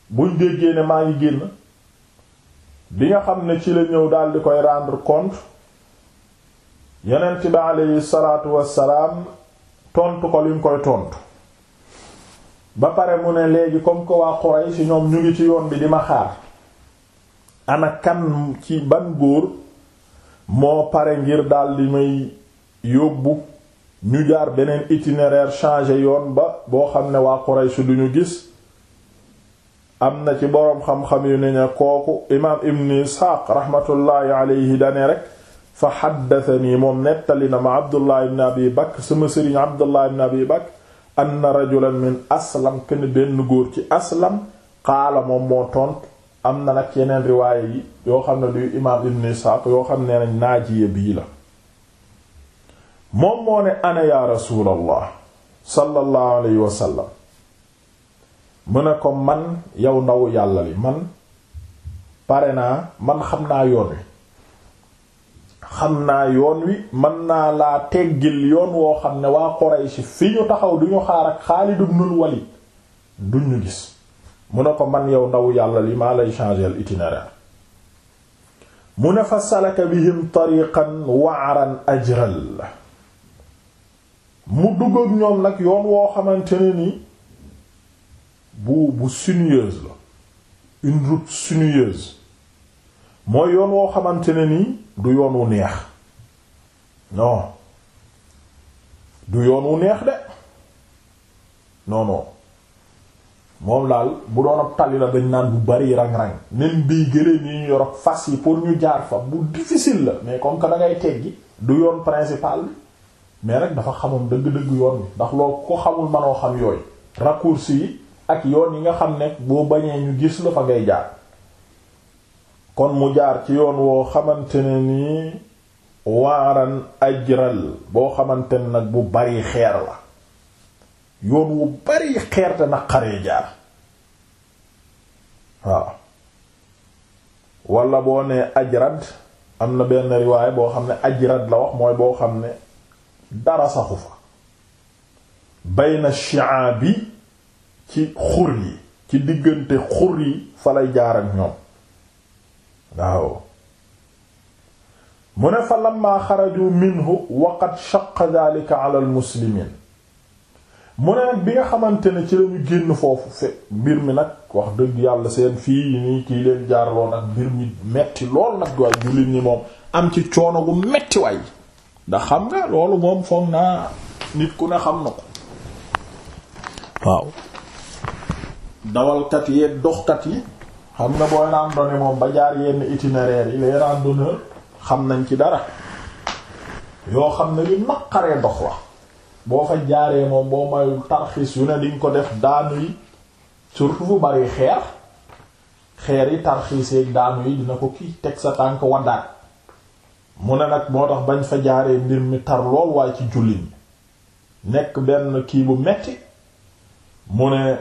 buñ déggee ne maa ngi génn bi nga xam ne ci la ñëw daal di koy rendre compte yonent bi aleyhi salaatu wa salaam tontu ko luñ mu koy tontu ba pare mu ne léegi comme que waa Quraysh ñoom ñu ngi ci yoon bi di ma xaar ana kan ci ban góor moo pare ngir daal di may yóbbu ñu jaar beneen itinéraire changé yoon ba boo xam ne waa Quraysh duñu gis am na ci boroom xam-xam yu ne kooku imaam Ibn Isxaaq raxmatullaahi alayhi dane rek fa xaddatani moom nettali na ma abdullah ibn abi bakr sama sëriñ abdullah ibn abi bakr anna rajulan min aslam kenn benn góor ci aslam qaala moom moo tontu am na nag yeneen riwaaya yi yoo xam ne duy imaam ibn isxaaq yoo xam ne nañ naajiye bii la moom moo ne ana yaa rasuulallah sallallahu alayhi wa mu ne ko man yow ndaw yàlla li man pare naa man xam naa yoon wi xam naa yoon wi mën naa laa teggil yoon woo xam ne waa Quraysh fi ñu taxaw du ñu xaar ak Xaalid ibnul Walid duñ gis mu ne ko man yow ndaw yàlla li maa lay changer l'itinéraire mu ne fa salaka bihim tariqan waaran ajral mu dugg ñoom nag yoon woo xamante ni bu bu sinueuse la une route sinueuse mooy yoon woo xamante ne nii du yoon wu neex non du yoon wu neex de noonu moom laal bu doon ab tali la dañ naan bu bari rang-rang nen bii gëléem yi ñu yor fas yi pour ñu jaar fa bu difficile la mais comme que da ngay teggi du yoon principal mais rek dafa xamum dëgg-dëgg yoon bi ndax loo ko xamul mënoo xam yooyu raccourci yi ak yoon yi nga xam ne boo bañee ñu gis la fa ngay jaar kon mu jaar ci yoon woo xamante ne nii waaran ajral boo xamante ne nag bu bari xeer la yoon wu bari xeer te nag xaree jaar waaw wala boo nee ajrad am na benn riwaay boo xam ne ajrad la wax mooy boo xam ne dara saxu fa bayna bi ci xur yi ci diggante xur yi fa lay jaar ñoom waaw mu ne fa lamma xaraju minhu wa qad shaqqa dhalika ala mu ne nag bi nga xamante ne ci lañu génn foofu fe mbir mi nag wax dëgg yàlla seen fii yi nii kii leen jaarloon ak mbir mi metti lool nag waaye jullit ñi moom am ci coono gu metti waay ndax xam nga loolu moom foog naa nit ku ne xam na ko waaw dawalkat yeeg doxkat yi xam nga booy randonnée moom ba jaar yenn itinéraire yi les randonneurs xam nañ ci dara yoo xam ne li naqaree dox la boo fa jaaree moom boo mayul tarxiis yu ne diñ ko def daanu yi surtout fu bari xeer xeer yi tarxiiseeg daanu yi dina ko kii teg sa tànk waddaat mu ne nag moo tax bañ fa jaaree mbir mi tar lool waaye ci jullit nekk benn kii bu metti mu ne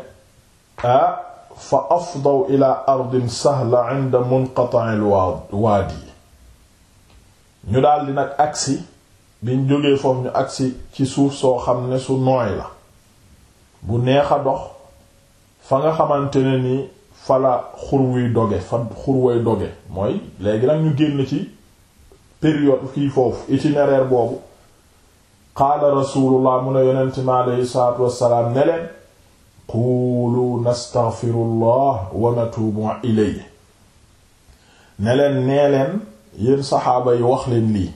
ah fa afdaw ila ardin sahla inda munqata'il waadi ñu daldi nag agsi biñ jógee foofu ñu agsi ci suuf soo xam ne su nooy la bu neex a dox fa nga xamante ne ni fala xurwuy doge fa xurway doge mooy léegi nag ñu génn ci période kii foofu itinéraire boobu qaala rasulullah mun a yonente mi aleyhi salaatu wassalaam ne quulu nastaghfirullah wa natubu ilayhi ne nee leen yéen saxaaba yi wax leen lii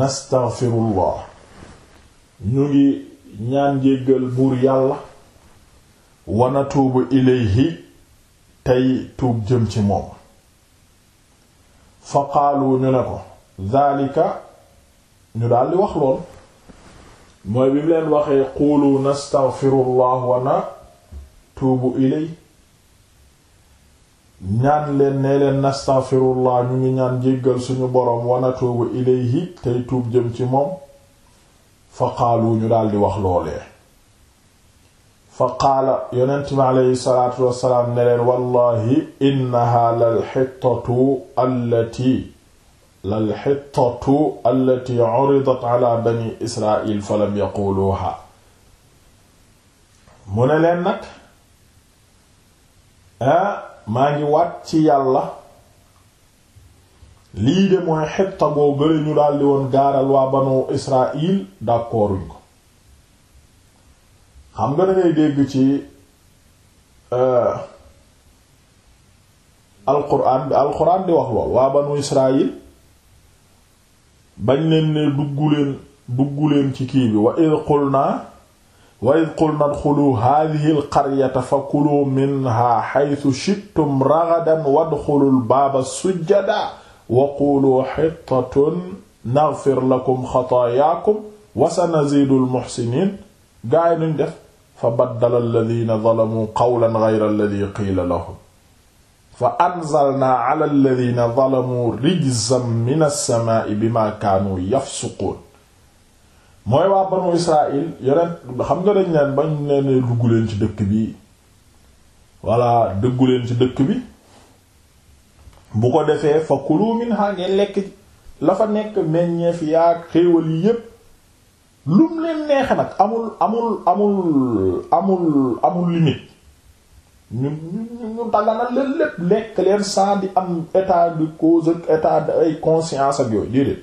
nastaghfirullah ñu ngi ñaan jéggal buur yàlla wa natubu ilayhi tey tuub jëm ci moom fa qaalu ñu ne ko zaalika ñu daldi wax lool mooy bi mu leen waxee qulu nastaghfirullah wa natuubu ilay ñaan leen nee leen nastaghfirullah ñu ngi ñaan jéggal suñu borom wa natuubu ilayhi tey tuub jëm ci moom fa qaalu ñu daldi wax loolee fa qaala yonent bi aleyhi salaatu wassalaam ne leen wallahi innaha lal hittatu allati lal xittatu allati curidat ala bani israil fa lam yaquluha mu ne leen nag ah maa ngi waat ci yàlla lii de mooy xitta boo gële ñu daldi woon gaaral waa banu israil d'accorduñ ko xam nga da ngay dégg ci alquran euh, bi alquran di wax lool waa banu israil bañ leen ne dugg leen dugg leen ci kii bi wa id qulna wa id qulna adxulu hadihi alqaryata fa kulu minha xaytu shittum ragadan wadxulu lbaaba sujjada wa qulu xittatun nagfir lakum xataayaakum wa sanazidu almuxsinin gaay nuñ def fa baddala alladina zalamuu qawlan gayra alladi qiila lahum fa anzalnaa ala alladhina zalamu rijzan min as-samaa'i bima kaanu yafsuqun mooy waa banu israil yeneen xam nga dañ leen bañ nee dugg leen ci dëkk bi walla dëggu leen ci dëkk bi bu ko defee fa kulu minha ngeen lekk la fa nekk meññeef yaa xéewal yi yépp lum leen neexe nag amul amul amul amul amul limite ñu ñu daganal leen lekk leen sans di am état de cause ak état ay conscience ak yooyu déedéet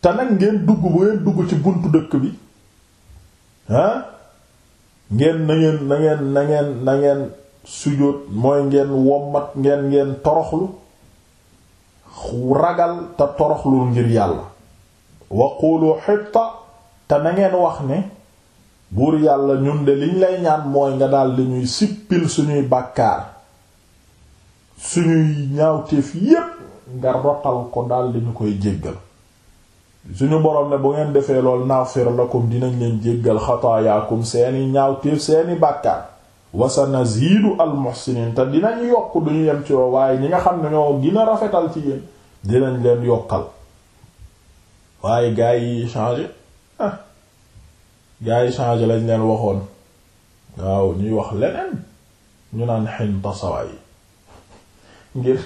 te nag ngeen dugg bu ngeen dugg ci buntu dëkk bi ah ngeen na nangeen nangeen ngeen na ngeen ngeen sujjóot mooy ngeen wommat ngeen ngeen toroxlu ragal te toroxlul ngir yàlla waqulu xitta te nangeen wax ne buur yàlla ñun de liñ lay ñaan mooy nga daal di ñuy sippil suñuy bàkkaar suñuy ñaawteef yépp nga rotal ko daal di ñu koy jéggal suñu boroom ne bu ngeen defee lool nafir lakum dinañ leen jéggal xataayaakum seeni ñaawteef seeni bàkkaar wasana ziidu almuhsinin te dinañ yokk duñu yem ci waaye ñi nga xam ne ñoo gina rafetal ci yéen dinañ leen yokkal waaye gaa yi changé ah. gaa yi changé lañ leen waxoon waaw ñuy wax leneen ñu naan xinta sawaay ngir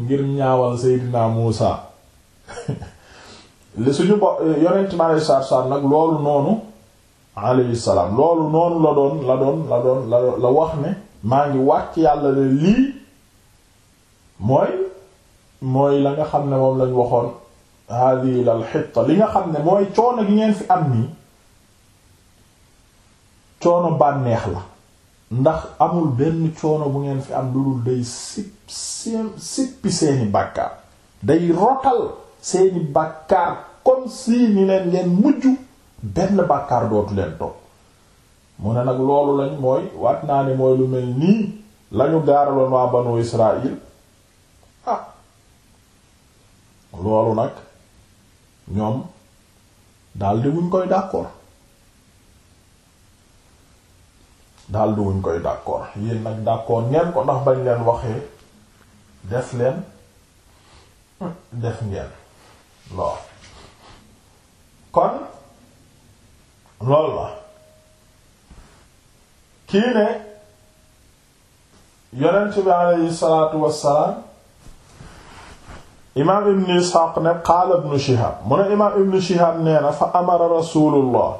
ngir ñaawal Seydina Muusa li suñu bo yonent mi alei saatu nag loolu noonu alayhi salaam loolu noonu la doon la doon la doon la wax ne maa ngi wàcc yàlla ne lii mooy mooy la nga xam ne moom lañ waxoon hadi lal xitta li nga xam ne mooy coono gi ngeen fi am nii coono bànneex la ndax amul benn coono bu ngeen fi am lu dul day sip sippi seeni bàkkaar day rotal seeni bàkkaar comme si ni leen ngeen mujj benn bàkkaar dootu leen topp mu ne nag loolu lañ mooy waat naa ne mooy lu mel nii lañu gaaraloon waa banu Israël ah loolu nag ñoom daldi wuñ koy d'accord daldi wuñ koy d'accord yéen nag d'accord ngeen ko ndax bañ leen waxee def leen def ngeen lool kon loolu la kii ne yonent bi aleyhi salaatu wassalaam imaam ibn isxaaq ne qaala ibn shihab mu ne imaam ibn shihab nee na fa amara rasulullah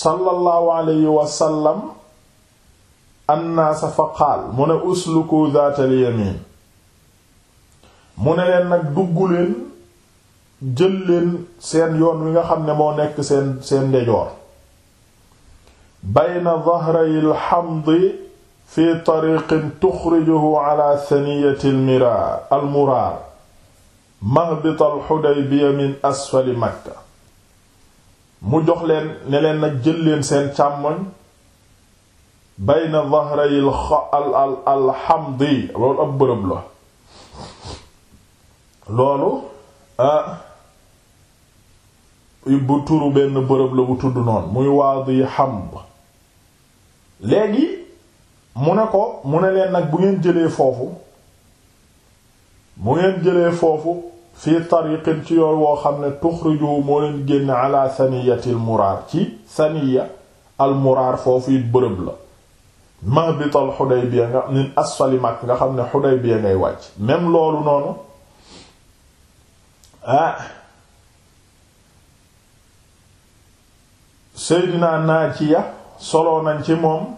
sallallahu alayhi wasallam annaasa fa qaal mu ne usluku zaatal yamin mu ne leen nag dugg leen jël leen seen yoon wi nga xam ne moo nekk seen seen ndejoor bayna dhahray al hamdi fi tariqin tuxrijuhu ala saniyati almiraar almuraar mahbit alxudaybiya min asfali makka mu jox leen ne leen nag jël leen seen càmmoñ bayna dahray alxamdi loolu ab bërëb la loolu bu turu benn bërëb la bu tudd noonu muy waadi xamd léegi mu ne ko mu ne leen nag bu ngeen jëlee foofu bu ngeen jëlee foofu fii tariqin ci woo xam ne tuxriju moo leen génn ala saniyatil muraar ci saniya al muraar foofu it bërëb la mahbital Hudaybiya nga min asfali mag nga xam ne Hudaybiya ngay wàcc même loolu noonu ah Seydina Naajiya solo nañ ci moom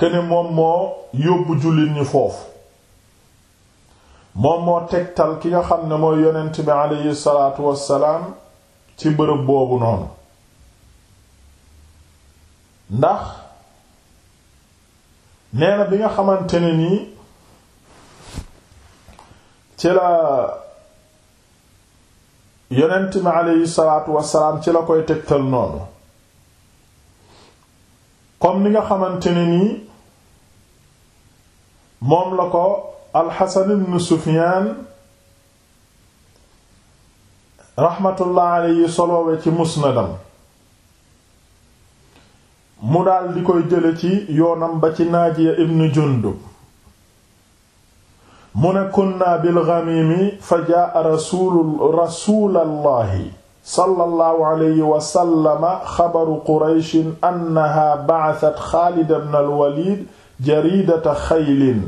këne moom moo yóbbu jullit ñi foofu moom moo tegtal ki nga xam ne mooy yonent bi aleyhi salaatu wassalaam ci bërëb boobu noonu ndax nee bi nga xamante ne nii ci la yonent bi aleyhi salaatu wassalaam ci la koy tegtal noonu comme ni nga xamante nii moom la ko alxasan ibn sufiyaan raxmatullah alayhi soloowe ci musnadam mu daldi di koy jële ci yoonam ba ci naajiya ibn jundub mu ne kunna bil ghamimi fa jaa rasuul rasuulallahi sallallahu alayhi wa sallama xabaru qurayshin annaha ba'athat xaalid ibn al jaridata xaylin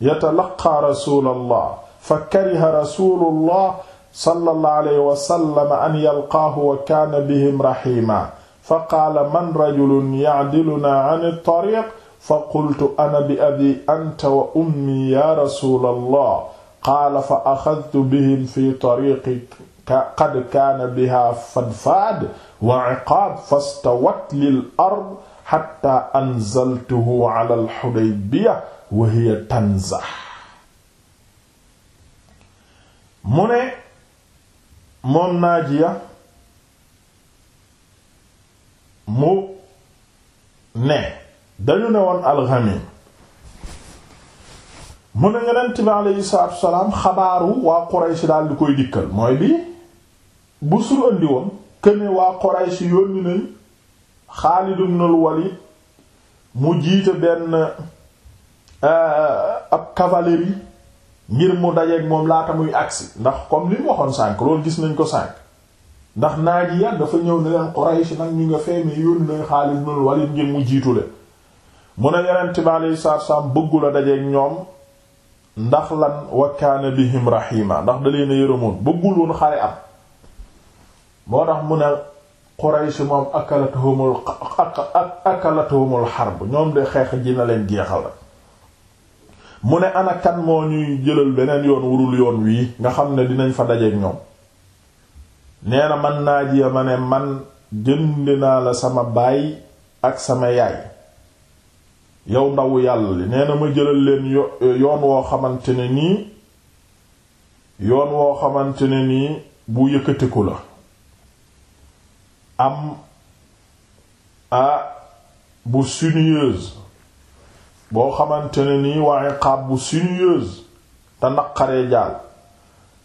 yatalaqaa rasuulallah fa kariha rasuulullah sallallahu alayhi wa sallam an yalqaahu wa kaana bihim raxiima fa qaala man rajulun yacdilunaa can ittariiq fa qultu ana bi abi anta wa ummi yaa rasuulallah qaala fa axadtu bihim fi tariiqi qad kaana bihaa fadfaad wa ciqaab fastawat lil ard xatta anzaltuhu ala alxudaybiya wa hiya tanza mu ne moom naajiya mu ne dañu ne woon alxamim mu ne yonent bi aleyhi salaatu wasalaam xabaaru waa Quraysh daal di koy dikkal mooy bi Busru andi woon këne waa Quraysh yónni nañ Xaalid ibn al-Walid mu jiite benn euh, euh, ab cavalerie ngir mu dajeeg moom laata muy agsi ndax comme li mu waxoon sànk loolu gis nañ ko sànk ndax Naajiya dafa ñëw ne leen Quraysh nag ñu nga fee mais yónni nañ Xaalid ibn al ngir mu jiitu mu ne Yonent bi alayhi salaatu bëggula bëggu ñoom ndax lan wa kaana bihim rahima ndax da leen a yërëmoon bëggul woon xare am moo tax mu ne. Quraysh moom akalatuhumul akalatuhumul ñoom de xeex ji na leen jeexal rek mu ne ana kan moo ñuy jëlal beneen yoon wurul yoon wii nga xam ne dinañ fa dajeek ñoom nee na man naa jiya ma ne man jënd naa la sama baay ak sama yaay yow ndaw yàlla li nee na ma jëlal leen yoon woo xamante ne nii yoon woo xamante nii bu yëkkatiku la am a bu sinueuse boo xamante ne nii waaye xaab bu sinueuse te naqaree jaal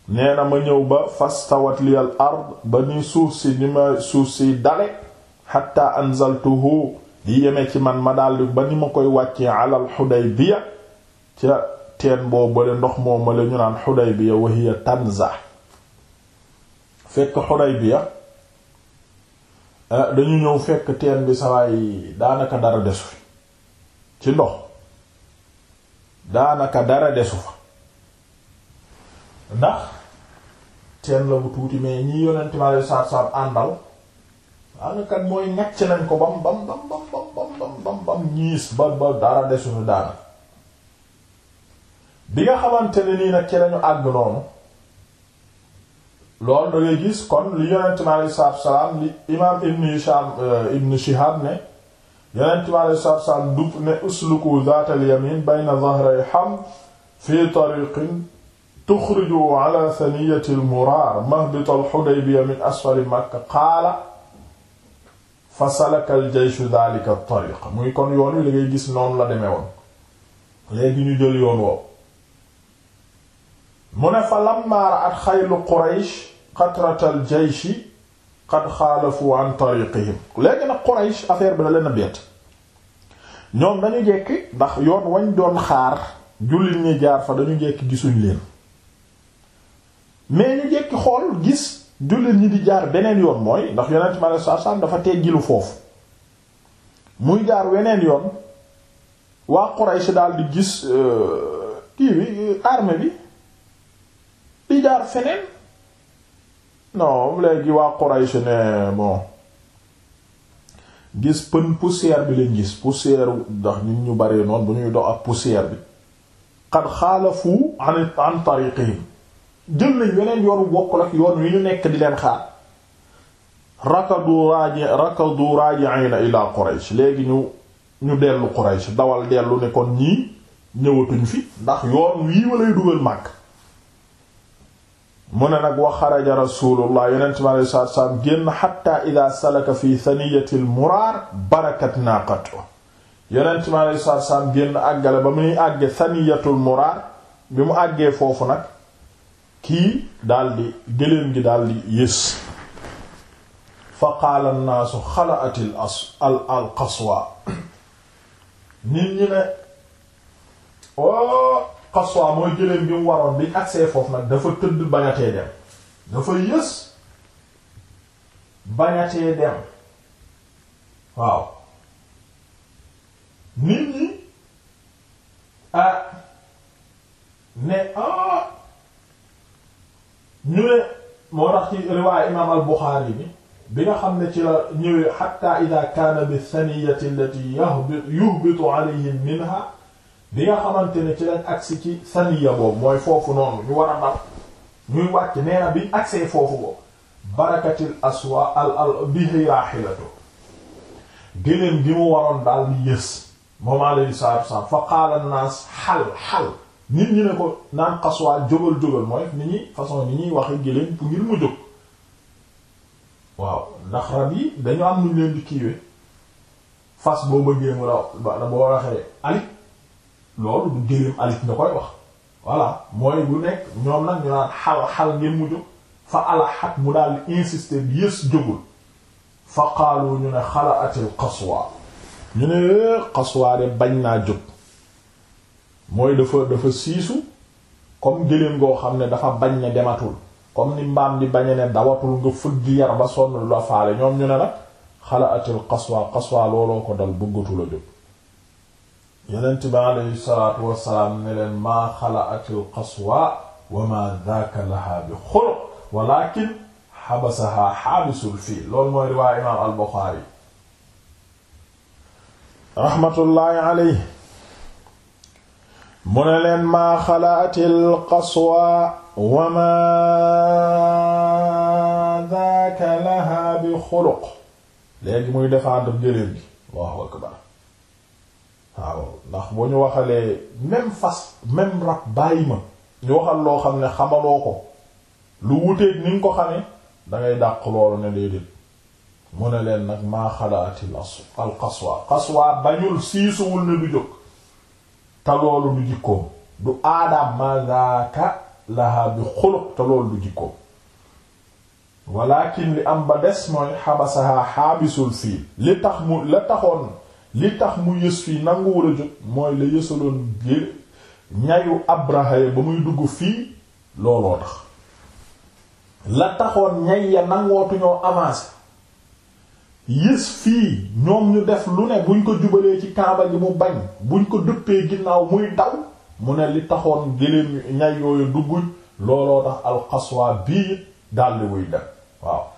nee ma ñëw ba fastawat li al ard ba ni suuf si ni ma suuf si dale xatta anzaltuhu di yeme ci man ma daldi ba ni ma koy wàccee alal Xudaybiya ca teen boo bale ndox moo ma la ñu naan Xudaybiya wa hiya Tanza fekk Xudaybiya Eh, dañu ñëw fekk teen bi sawaay daanaka dara desu fi ci ndox daanaka dara desu fa ndax teen la bu tuuti mais ñi yonent ma lay saab saab àndal daanakat mooy ñacc nañ ko bam bam bam bam bam bam bam ñiis ba ba dara desuñu daanaka bi nga xamante ne nii nag ci lañu àgg noonu loolu da gis kon li yonent mi alayhi salaatu salaam li imaam ibn Hishaam euh, ibn Shihaab ne yonent mi alayhi salaatu salaam dub ne usluku zaatal al-muraar mahbita al-Hudaybiya min asfali Makka qaala fa salaka al-jayshu dhaalika at muy kon yoon wi da ngay gis noonu la demee woon léegi ñu jël qatratal jayshi qad xaalafu an tariqihim léegi nag Quraysh affaire bi la leen a bett ñoom dañu jekki ndax yoon wañ doon xaar jullit ñi jaar fa dañu jekki gisuñ leen mais ñu jekki xool gis jullit ñi di jaar beneen yoon mooy ndax yonent ma ne sarsam dafa teggilu foofu muy jaar weneen yoon waa Quraysh daal di gis euh, kii bi euh, armée bi di jaar feneen non léegi waa Quraysh ne bon gis pën poussière bi lañ gis poussière ndax ñu bari noonu bu ñuy dox ak poussière bi xad xaalafu an an tariqihim jël nañ weneen yoonu bokkul ak yoon wi ñu nekk di leen xaar rakadu raji rakadu raji'ina ila Quraysh léegi ñu ñu dellu Quraysh dawal dellu ne kon ñii ñëwatuñ fi ndax yoon wii walay dugal màkk mu ne nag wa xaraja rasulullah yonent mi alei salaam génn xatta ida salaka fi saniyati l muraar barakat naaqatu yonent mi alei salaam génn àggale ba muy àgge saniyatul muraar bi mu àggee foofu nag kii daldi gëléem gi daldi yées fa qaala nnaasu xalaat al al ñi ne o oh, Qaswa mooy jëleen bi mu waroon biñ foofu nag dafa tëdd bañatee dafa yës bañatee dem waaw nit ñi ne ah ñu moo tax ci riwaaya imaam al-Buxaari bi bi xam ne ci la ñëwee hatta idha kaana bi thaniyati allati yuhbitu bi nga xamante ne ci lañ agsi ci saniya boobu mooy foofu noonu ñu war a dal ñuy wàcc nee na biñ foofu boobu barakatil aswa al al bihi raahilatu géléem gi mu waroon daal di yës moom alayhi salaatu wassalaam fa qaala an-naas xal xal nit ñi ne ko naan xaswaa jógal jógal mooy nit ñi façon ni ñuy waxe géléem pour ngir mu jóg waaw ndax rab yi dañu am nuñ leen di kiiwe fas boo bëggee mu raw boo waxee ali loolu du gëléem alif nga koy wax voilà mooy bu nekk ñoom nag ñu naan xal xal ngeen mu jóg fa alaxat mu daal insister bi yës jógul fa qaalu ñu ne xalaatil qaswa ñu ne eh, qaswa de bañ naa jóg mooy dafa dafa siisu comme gëléem goo xam ne dafa bañ ne dematul comme ni mbaam di bañ ne dawatul nga fëgg yar ba sonn la faale ñoom ñu ne nag xalaatil qaswa qaswa looloo ko dal bëggatul jóg yonent bi aleyhi salaatu wassalaam ne leen maa xalaatil qaswa wa maa daaka lahaa bi xuluq walaakin xabasahaa xaabisul fiil loolu mooy riwaaya imaam al Buxaari raxmatullaahi aleyhi mu ne leen maa xalaatil qaswa wa maa daaka lahaa bi xuluq léegi muy défendre jëréen gi Allahu akbar waaw ndax bu ñu waxalee même fas même rab bàyyi ma ñu waxal loo xam ne xamaloo ko lu wuteeg niñ ko xamee dangay dàq loolu ne déedéet mu ne leen nag maa xalaatil al qaswa du jóg te loolu du jikkoom du aadaam maa zaaka laha bi xuluq te loolu du jikkoom walakin li am ba des mooy xabasaha xaabisul fiil li tax mu la taxoon li tax mu yës fii nanguwul a jóg mooy la yësaloon ñayu abraha ba muy dugg fii looloo tax la taxoon ñay ya nangootuñoo avancé yës fii ñoom ñu def lu ne buñ ko jubalee ci kaaba gi mu bañ buñ ko dëppee ginnaaw muy daw mu ne li taxoon gëléem ñay yooyu dugg looloo tax alxaswa bii daldi wuy dem waaw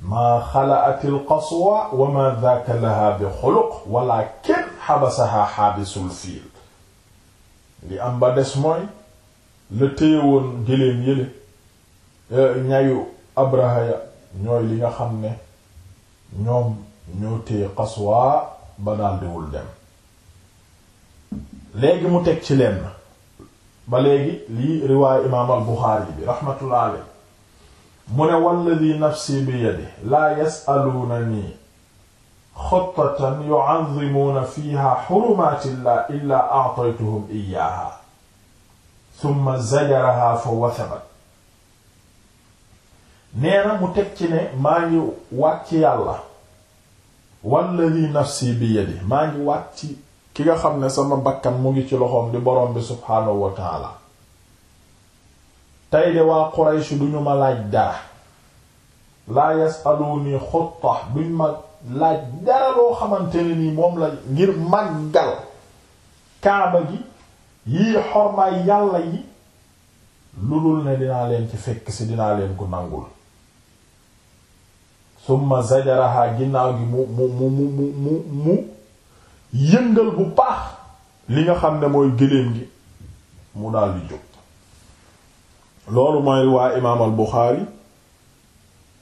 maa xalaatil qaswa wa ma daaka laha bi xuluq walakin xabasaha xaabisul fiil li am ba des mooy la téyewoon géléem yële e, ñayu abraha ya ñooy li nga xam ne ñoom ñoo téye qaswa ba daldiwul dem léegi mu teg ci leen ba léegi lii riwaayu imaam al buxaari bi raxmatullah alayhi mu ne walladi nafsi bi yadi laa yasaluunani xottatan yu'azzimuuna fiiha xurumaatillaah illaa a'taytuhum iyyaaha summa zajaraha fa wasabat nee na mu teg ci ne maa ngi wàcc yàlla walladi nafsi bi yadi maa ngi wàcc ki nga xam ne sama bakkan mu ngi ci loxoom di borom bi subhaanahu wa taala tey de waa Quraysh duñu ma laaj dara laa yasaluni xutta duñ ma laaj dara loo xamante ne moom la ngir màggal kaaba gi yii xormaay yàlla yi lu dul ne dinaa leen ci fekk si dinaa leen ko nangul summa zajaraha ginnaaw gi mu mu mu mu mu mu yëngal bu baax li nga xam ne mooy gëléem gi mu daldi jóg loolu mooy riwaayu imaam al Buxaari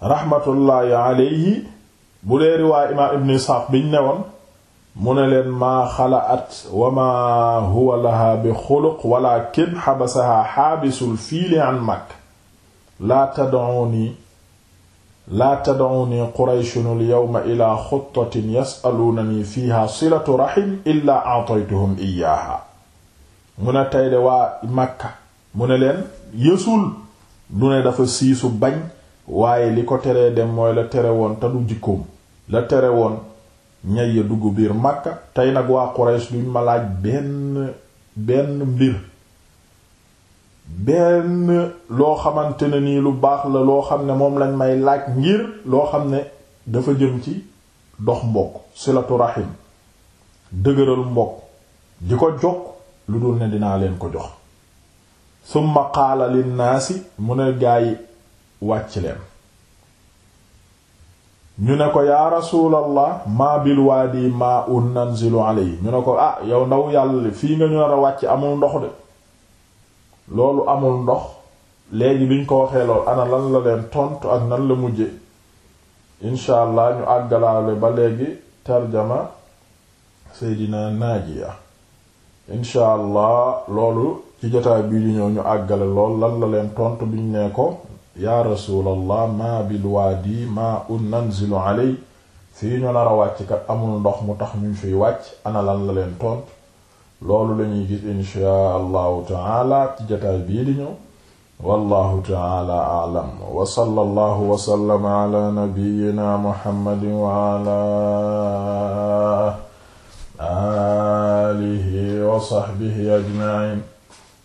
raxmatullaahi alayhi bu dee riwaayu imaam ibn Isxaaq biñ newoon mu ne leen maa xalaat wa maa huwa laha bi xuluq walaakin xabasaha xaabisul fiili an Makka laa tad'uunii laa tad'uunii qurayshun al-yawma ilaa xuttatin yas'aluunanii fiihaa silatu raxim illaa a'taytuhum iyaahaa mu ne tey de waa Makka mu ne leen yësul du ne dafa siisu bañ waaye li ko teree dem mooy la tere woon te du jikkoom la tere woon ñay ya dugg biir Makka tey nag waa Quraysh duñ ma laaj benn benn mbir benn loo xamante ne nii lu baax la loo xam ne moom lañ may laaj ngir loo xam ne dafa jëm ci dox mbokk silatu rahim dëgëral mbokk di ko jokk lu dul ne dinaa leen ko jox summa qaala linnaasi mu ne gaa yi wàcc leen ñu ne ko yaa rasuulallah maa bil waadi maa un nanzilu alayhi ñu ne ko ah yow ndaw yàlla fii nga ñu nar a wàcc amul ndox de loolu amul ndox léegi biñ ko waxee lool ana la leen tontu ak nan la mujje incha ñu àggalaale ba léegi tarjama seydina naajiya incha loolu ci jotaay bii di ñëw ñu àggale lool lan la leen tontu biñ nee ko yaa rasulallah ma bilwaadi ma un nanzilu aley fii ñu nar a wàcc kat amul ndox mu tax ñu fi wàcc ana lan la leen tontu loolu lañuy gis inshaa allahu taala ci jotaay di ñëw wallahu taala a'lam wa sallallahu wa sallama ala nabiyyina muhammadin wa ala wa sahbihi ajma'in